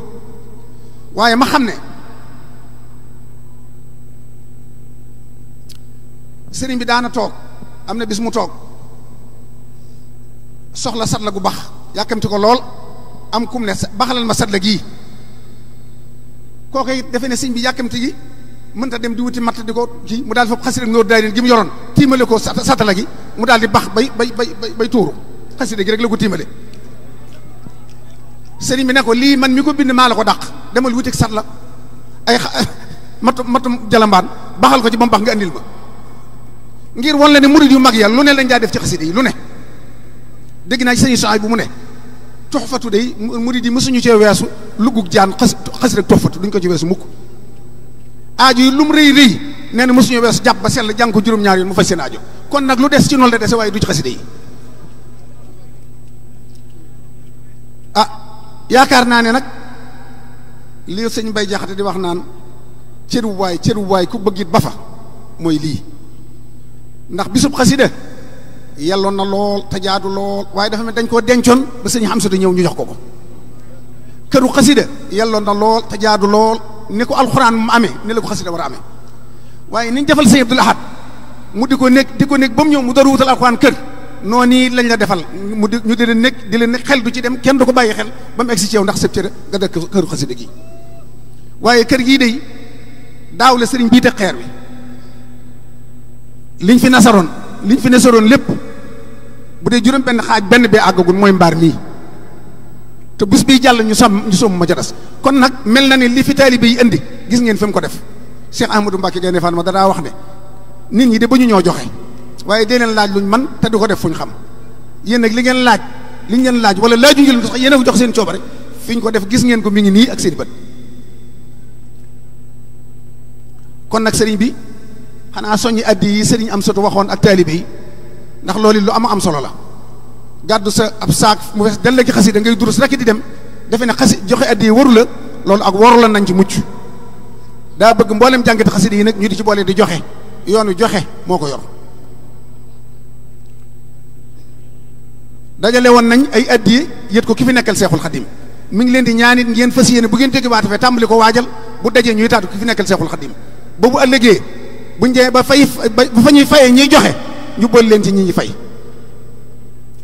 Speaker 7: waaye ma xam ne sëriñ bi daana toog am na bis mu toog soxla sat la gu bax yàkkamti ko lool am kum ne baxalal ma sat la gii kooku defe ne siñ bi yàkkamti gi mënta dem di wuti matt di ko kii mu daal di foofu xasida noor daay leen gi mu yoroon tiimale ko satala mu daal di bax bay bay bay bay tuuru xasida gi rek la ko tiimale sëriñ bi ne ko lii man mi ko bind maa ko dàq demal wutik sat la ay matu matum jalambaan baxal ko ci ba mu bax nga àndil ma ngir wan la ne murid yu mag ya lu ne lañ daa def ci xasida yi lu ne dégg naa ci sëñ Sohaybu bu mu ne tox toxfatu day murid yi mësuñu cee weesu luggug jaan xas xas rek toxfatu duñ ko ci weesu mukk aajo yi lu mu rëy rëy nee na mësuñu weesu jàpp ba sell jàng ko juróom-ñaar yoon mu faj seen aajo kon nag lu des ci noonu la dese waaye du ci xasida yi ah yaakaar naa ne nag li sëñ bay Jaxate di wax naan cëru waay cëru waay ku bëggit ba fa mooy lii ndax bisub xasida yelloon na lool te jaadu lool waaye dafa mel dañ koo dencoon ba sëñ Xamsatu ñëw ñu jox ko ko këru xasida yelloon na lool tajaadu jaadu lool ni ko alxuraan mu amee ni la ko xasida war a ame waaye niñ defal sëñ Abdul Ahad mu di ko nekk di ko nekk ba mu ñëw mu door wutal alxuraan kër noonu lañ la defal mu di ñu di leen nekk di leen nekk xel du ci dem kenn du ko bàyyi xel ba mu egsi ci yow ndax sëb cër nga dëkk këru xasida gi waaye kër gii day daaw la sëriñ te xeer wi liñ fi nasaroon liñ fi nasaroon lépp bu dee juróom benn xaaj benn bee àggagul mooy mbaar mii te bus bii jàll ñu sam ñu som ma ca kon nag mel na ne li fi taalibe yi indi gis ngeen fi mu ko def Cheikh Ahmadou Mbacke Gaynde Fatma danaa wax ne nit ñi de ba ñu ñoo joxe waaye dee leen laaj luñ man te di ko def fuñ xam yéen nag li ngeen laaj li ngeen laaj wala laaju ngeen sax yéen a jox seen coobare fi ñu ko def gis ngeen ko mi ngi nii ak seen bët kon nag sëriñ bi xanaa soññi addi yi sëriñ am soto waxoon ak taalibe yi ndax loolu lu am am solo la gàddu sa ab saak mu fees dell ki xasida ngay durus rekk di dem defe na xasi joxe addi waru la loolu ak waru la nañ ci mucc daa bëgg mboolem jàngati xasida yi nag ñu di ci boole di joxe yoonu joxe moo ko yor dajale woon nañ ay addi yët ko ki fi nekkal seexul xadim mu ngi leen di ñaanit ngeen fas yéene bu ngeen tekki waate fee tàmbali ko waajal bu dajee ñuy taatu ki fi nekkal seexul xadim boobu ëllëgee buñ demee ba fay fa ñuy fayee ñuy joxe yóbbal leen ci ñi ñi fay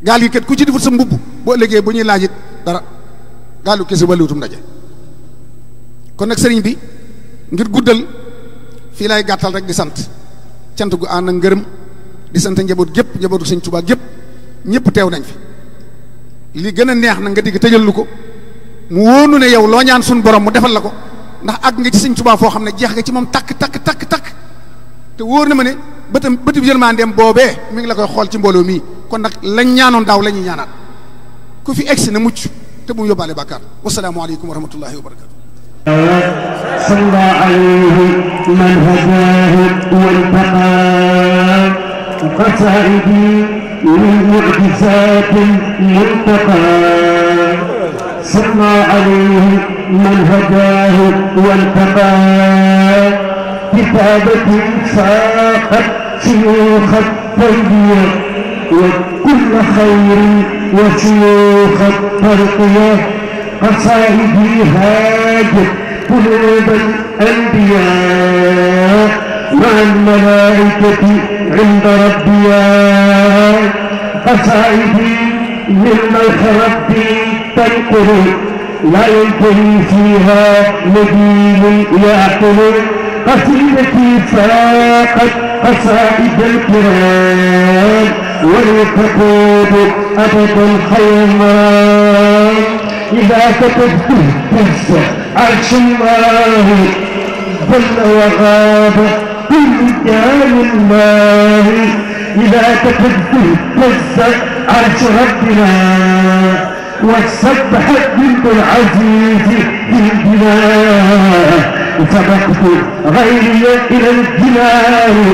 Speaker 7: gaal gi kat ku ci defut sa mbubb boo ëllëgee bu ñuy laaj it dara gaalu kese wàlliwutum ndaje kon nag sëriñ bi ngir guddal fii lay gàttal rek di sant cant gu ànd ak ngërëm di sant njaboot gépp njabootu sëñ Tuubaa gépp ñëpp teew nañ fi li gën a neex na nga digg tëjal ko mu wóonu ne yow loo ñaan suñu borom mu defal la ko ndax àgg nga ci sëñ Tuubaa foo xam ne jeex nga ci moom takk takk takk takk te wóor na ma ne bëtam bëtub yërmandeem boobee mi ngi la koy xool ci mbooloo mii kon nag lañ ñaanoon daaw la ñuy ñaanaat ku fi egsi na mucc te bu mu yóbbaale bàkkaar wasalaamu aleykum wa rahmatullahi wa barakatu
Speaker 2: صلى عليه من هداه والتقى قصائدي من معجزات ملتقى صلى عليه من هداه والتقى بفادة ساقت شيوخ التربية وكل خير وشيوخ الترقية قصائدي هاجت قلوب الأنبياء مع الملائكة عند ربيا قصائدي مما ربي تنقل لا ينتهي فيها نبي يعقل قصيدتي ساقت قصائد الكرام والكتب أبد الخيام إذا كتبت الدرس عرش الله ظل وغاب كل جان الله إذا كتبت الدرس عرش ربنا وسبحت بنت العزيز بالجنان سبقت غيري إلى الجنان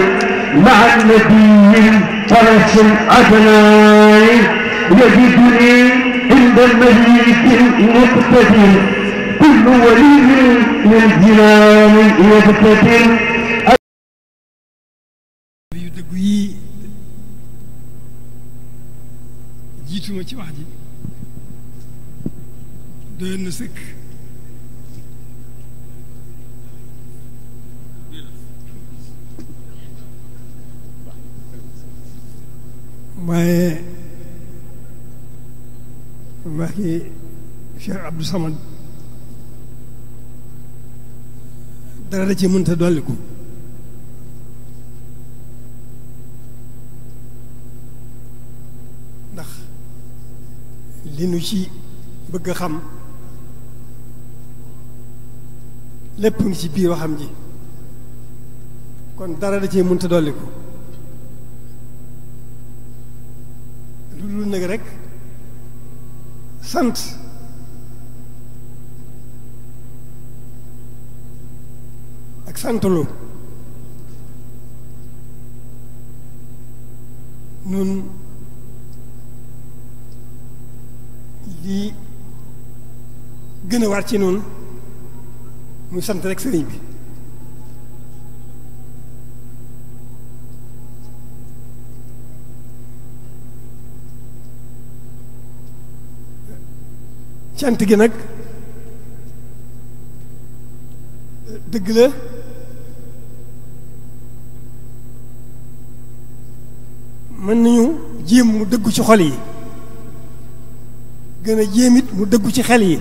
Speaker 2: مع النبي فرس العدنان يجدني عند المليك مقتدر كل ولي للجنان يقتدر
Speaker 8: jiituma ci wax ji doy na sëkk waaye waxi Cheikh Abdou Samad dara da ci mënta dolliku ndax li nu ci bëgg a xam lépp ngi ci biir waxam ji kon dara da cee mënta dolli ko lu dul nag rekk sant ak santlu nun lii gën a war ci noonu muy sant rekk sëriñ bi cant gi nag dëgg la mën nañu jéem mu dëggu ci xol yi gën a jéem it mu dëggu ci xel yi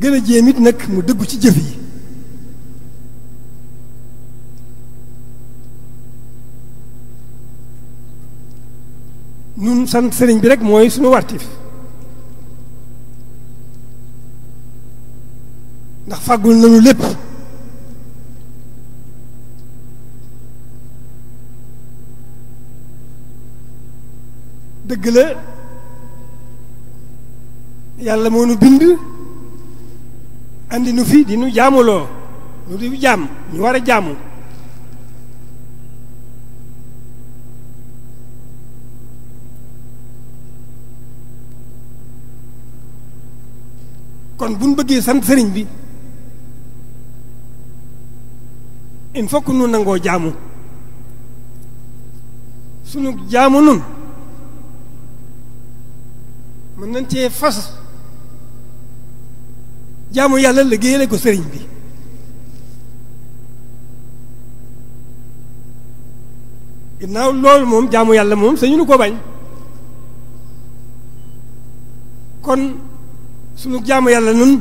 Speaker 8: gën a jéem it nag mu dëggu ci jëf yi nun sant sëriñ bi rekk mooy suñu wartif ndax fàggul nañu lépp dëgg la yàlla moo nu bind andi nu fi di nu jaamuloo nu di jaam ñu war a jaamu kon bu bëggee sant sëriñ bi il faut que nangoo jaamu sunu jaamu nun mën nañ cee fas jaamu yàlla liggéeyale ko sëriñ bi ginnaaw loolu moom jaamu yàlla moom sañu nu ko bañ kon sunu jaamu yàlla nun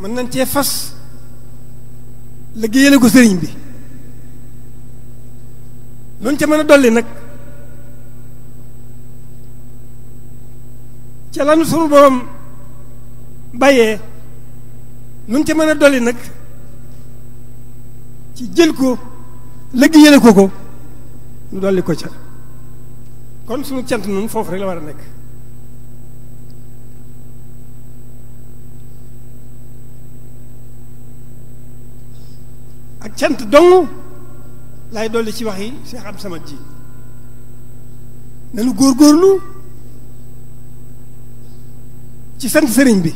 Speaker 8: mën nañ cee fas liggéeyale ko sëriñ bi luñ ca mën a dolli nag ce lan sunu borom bayee nun ca mën a dolli nag ci jël ko liggéeyale ko ko ñu dolli ko ca kon suñu cant nun foofu rek la war a nekk ak cant dong lay dolli ci wax yi Cheikh Abdou Samad ji góor góorlu ci sant sëriñ bi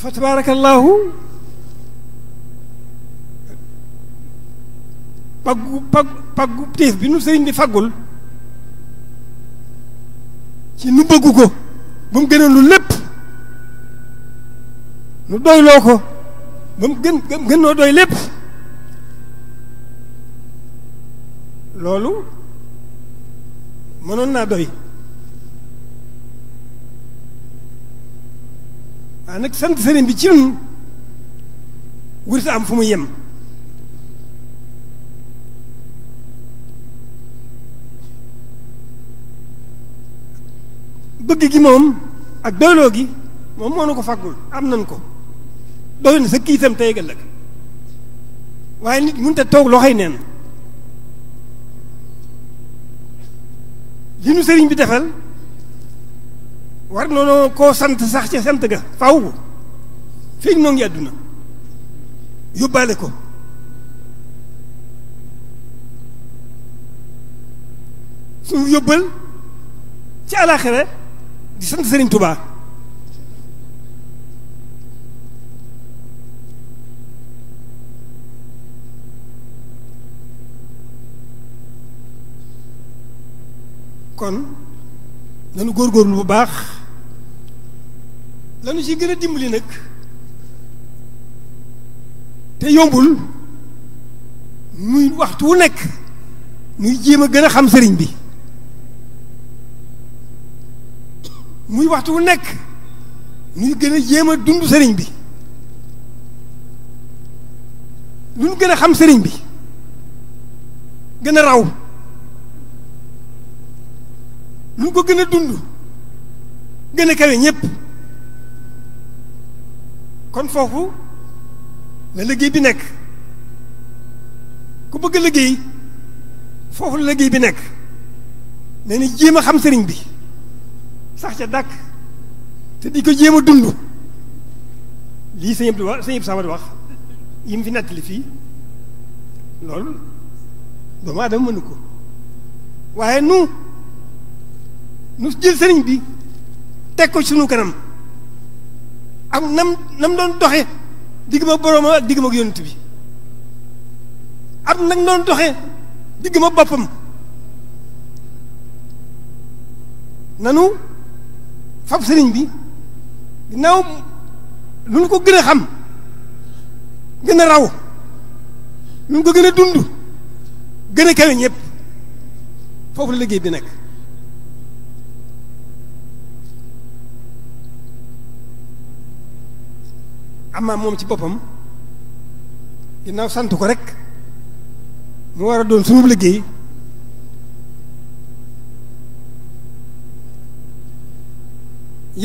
Speaker 8: fa tabaarakallaahu paggu paggu téef bi nu sëriñ bi faggul ci nu bëggu ko ba mu gënoon lu lépp nu doyloo ko ba mu gën gën noo doy lépp loolu mënoon naa doy waaw ah, nag sant sëriñ bi ci ñun wërta am fu mu yem bëgg gi moom ak doyloo gi moom moo na ko faggul am nan ko doy na sa kiitam tey ëllëg waaye nit mënut a toog loxoy neen li nu sëriñ bi defal war noonu ko sant sax ca sant ga faw feeñ moo ngi àdduna yóbbaale ko suñu yóbbal ci àllaaxira di sant Sëriñ Tubaa kon nanu góor bu baax lanu ci gën a dimbali nag te yombul muy waxtu wu nekk muy jéem a gën a xam sëriñ bi muy waxtu wu nekk muy gën a jéem a dund sëriñ bi lu gën a xam sëriñ bi gën a raw lu ko gën a dund gën a kawe ñépp kon foofu la liggéey bi nekk ku bëgg liggéey foofu la liggéey bi nekk nee na jéem a xam sëriñ bi sax ca dàkk te di ko jéem a dund lii sëñ Abdou wax sëñ Abdou Samad wax yi mu fi li fii loolu doomu aadama mënu ko waaye nu nu jël sëriñ bi teg ko sunu kanam am nam nam doon doxe digg ma boroomam ak digg ma yonent bi am nag doon doxe digg ma boppam nanu fab sëriñ bi ginnaaw lu ko gën xam gën raw lu ko gën a dund gën a kawe ñëpp foofu la liggéey bi nekk amaa moom ci boppam ginnaaw sant ko rek mu war a doon suñu liggéey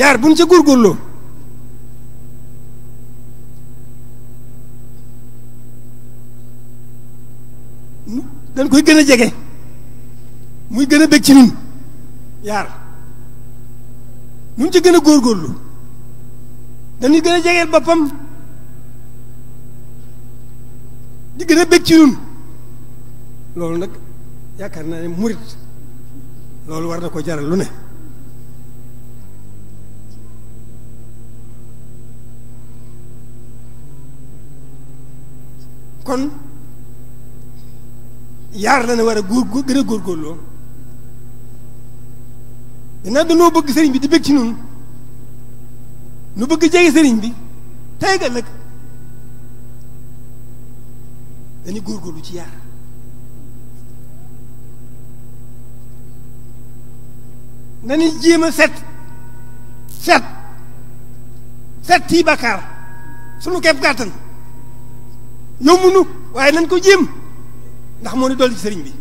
Speaker 8: yaar buñ ca góorgóorloo dañ koy gën a jege muy gën a bég ci ñun yaar nun ci gën a góorgóorlu dañuy gën a jegeel boppam di gën a bëgg ci loolu nag yaakaar naa ne murit loolu war na ko jaral lu ne kon yaar la ne war a góor gën a góorgóorloo dinaa dañoo bëgg sëriñ bi di bëgg ci ñun nu bëgg jege sëriñ bi tey ga nag dañu góorgóorlu ci yar nañu jéem a set set set tii bakkaar sunu kepp kàttan yomb nu waaye nañ ko jéem ndax moo ni ci sëriñ bi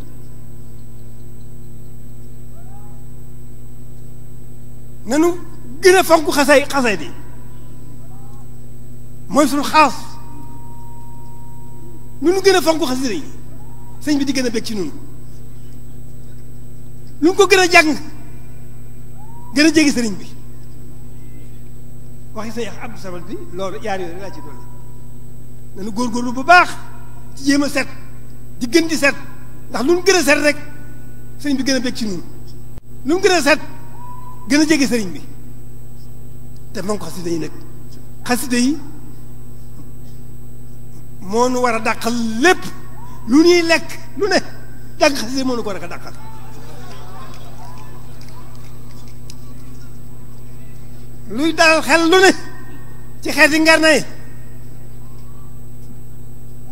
Speaker 8: nanu gën a fonk xasay xasay di mooy suñu xaas lu nu gën a fonk sëñ bi di gën a bég ci lu ko gën a jàng gën a jege sëriñ bi waxi sa yax Abdou Samad bi loolu yaar yooyu laa ci dolli nanu góorgóorlu bu baax ci jéem a set di gën set ndax lu mu gën a set rek sëriñ bi gën a bég ci ñun lu mu gën a set gën a jege sëriñ bi te man ko xasida yi nag yi moo nu war a dàqal lépp lu ñuy lekk lu ne dagg xasida moo nu ko war a dàqal luy dalal xel lu ne ci xeeti ngar nay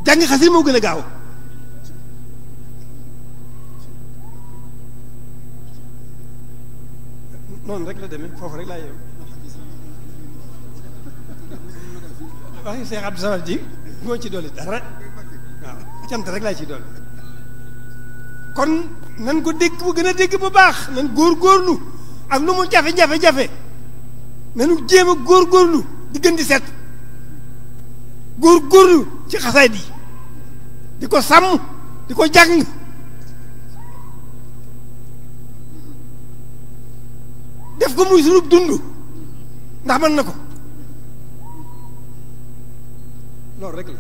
Speaker 8: jàng xasida yi moo gën a gaaw noonu rek la demee foofu rek laa waxi Cheikh Abdou Samad ji boo ci dolli dara
Speaker 2: waaw
Speaker 8: cant rek laa ci dolli kon nan ko dégg bu gën a dégg bu baax nan góorgóorlu ak lu mu jafe-jafe-jafe nanu jéem a góorgóorlu di gën di set góorgóorlu ci xasaay di di ko sàmm di ko jàng def ko muy sunub dund ndax mën na ko loolu rek la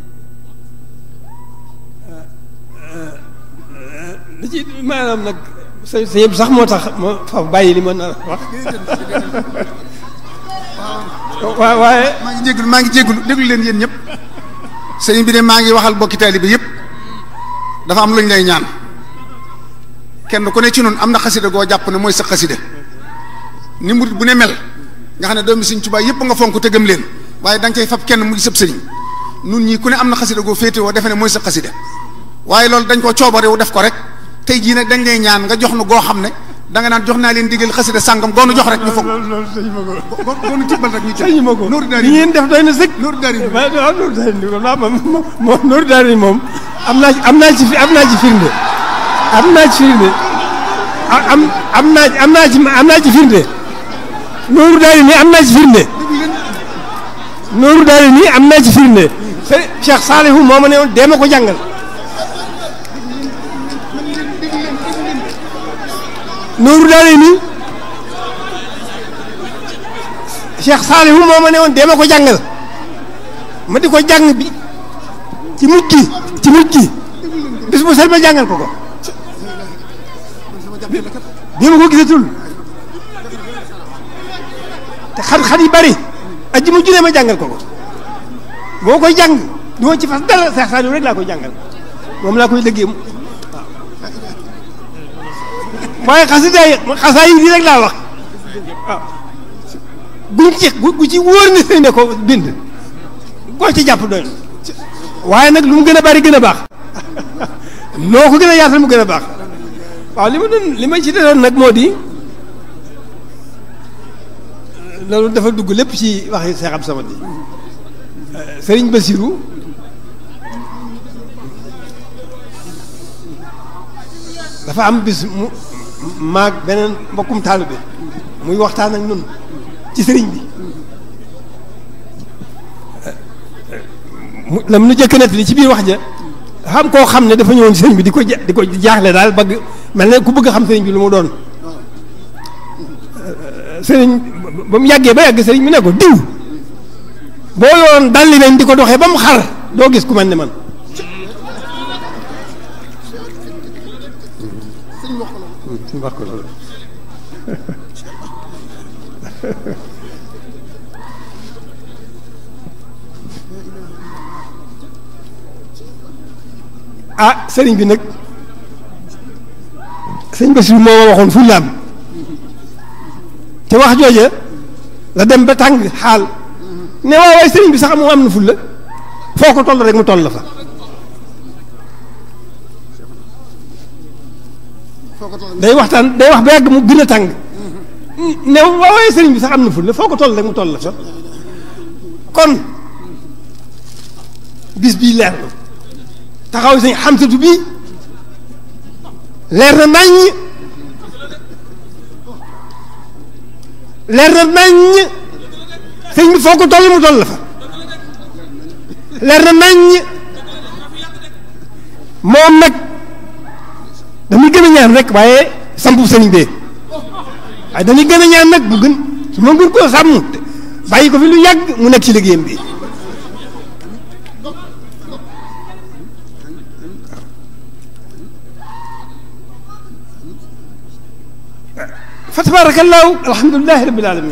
Speaker 8: li ci maanaam nag sa sa yëpp sax moo tax ma fa bàyyi li ma nar
Speaker 7: a wax waaye maa ngi jégalu maa ngi jégalu déglu leen yéen ñëpp sëñ bi ne maa ngi waxal bokki taalibe yëpp dafa am lu ñu lay ñaan kenn ku ne ci noonu am na xasida goo jàpp ne mooy sa xasida ni murit bu ne mel nga xam ne doomi sëñ Tuubaa yëpp nga fonk te gëm leen waaye da nga cay fab kenn mu ngi sëb sëriñ nun ñii ku ne am na xasida goo féete woo defe ne mooy sa xasida waaye lool dañ ko coobarewu def ko rek tey jii nag dañ lay ñaan nga jox nu goo xam ne da nga naan jox naa leen digal xasida sàngam goonu jox rek ñu foog
Speaker 8: goonu tibbal rek ñu sëñ ma ko nooru daari ngeen
Speaker 7: def doy na sëg nooru
Speaker 8: daari nooru daari moom nooru moom am naa am naa ci am naa ci firnde am naa ci firnde am am naa am naa am naa ci firnde nooru daari nii am naa ci firnde nooru daari nii am naa ci firnde sëriñ Cheikh Salihu moo ma woon dee ma ko jàngal. Nooru daal nii Cheikh Salihu moo ma ne woon dee ma ko jàngal ma di ko jàng bi ci mujj ci mujj gi bis ma jàngal ko ko. bi ma ko gisatul te xam-xam yi bari aji mu juree ma jàngal ko boo koy jàng doo ci fas dara Seex Saaliw rek laa koy jàngal moom laa koy dëggee waaw waaye xasida yi xasaa yi di rek laa wax waaw buñ ci bu ci wóor na sëñ ne ko bind koo ci jàpp doy waaye nag lu gën a bari gën a baax loo ko gën a yaatal mu gën a baax waaw li ma doon li ma ci doon nag moo di loolu dafa dugg lépp ci wax Seex Abdu Samad bi sëriñ ba Basiru dafa am bis mu maag beneen mbokkum bi muy waxtaan ak ñun ci sëriñ bi mu lam nu jëkk nett li ci biir wax ja xam koo xam ne dafa ñëwoon sëriñ bi di ko di ko jaaxle daal bëgg mel ne ku bëgg xam sëriñ bi lu mu doon sëriñ ba mu yàggee ba yàgg sëriñ mu ne ko diw boo yoroon dalli nañ di ko doxee ba mu xar doo gis ku mel ne man ah sëriñ bi nag sëñ Basiru moo ma fullaam te wax jooja la dem ba tàng xaal ne waaw waaye sëriñ bi sax am na ful foo ko toll rek mu toll la fa. day waxtaan day wax ba yàgg mu gën na ful la toll rek mu toll la fa kon bis bii leer taxaw sañ xamsatu bii leer na naññ leer na naññ. sëñ bi foo ko toll mu toll fa leer na nañ moom nag dañuy gën a ñaan rek waaye sampu sëriñ bee waaye dañuy gën a ñaan nag bu gën su ma gën koo sàmm bàyyi ko fi lu yàgg mu nekk ci liggéeyam bi
Speaker 2: fa tabaarakallaahu
Speaker 8: alhamdulilahi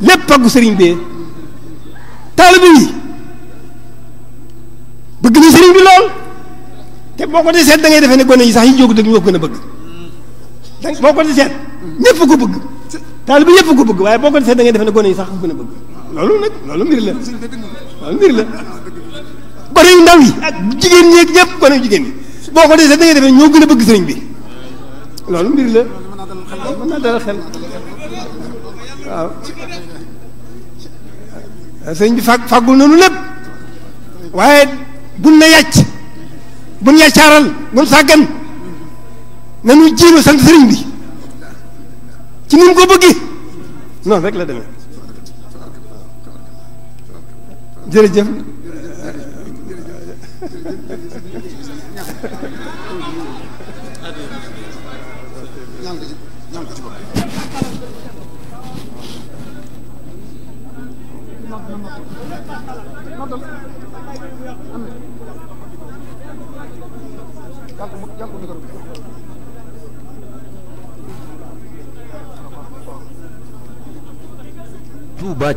Speaker 8: lépp pàggu sëriñ bee taalibe yi bëgg na sëriñ bi lool te boo ko di seet da ngay defee ne gone yi sax yi jóg dëgg ñoo gën bëgg da boo ko di seet ñëpp ko bëgg taalibe yëpp ko bëgg waaye boo ko da ngay defee ne gone yi sax ko gën a bëgg loolu nag loolu mbir la
Speaker 7: loolu
Speaker 8: la gone yu ndaw yi ak jigéen ñi ak ñëpp gone yu jigéen ñi boo ko di seet da ngay defee ñoo gën a bëgg sëriñ bi loolu mbir la mën naa dalal xel waaw sëñ bi fag fagul na nu lépp waaye bun na yàcc bun yàccaaral bun sàggan na nu jiinu sant sëriñ bi ci ni mu bëggi noonu rek la demee jërëjëf
Speaker 7: nodd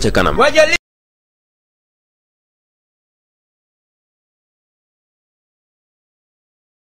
Speaker 2: ca kanam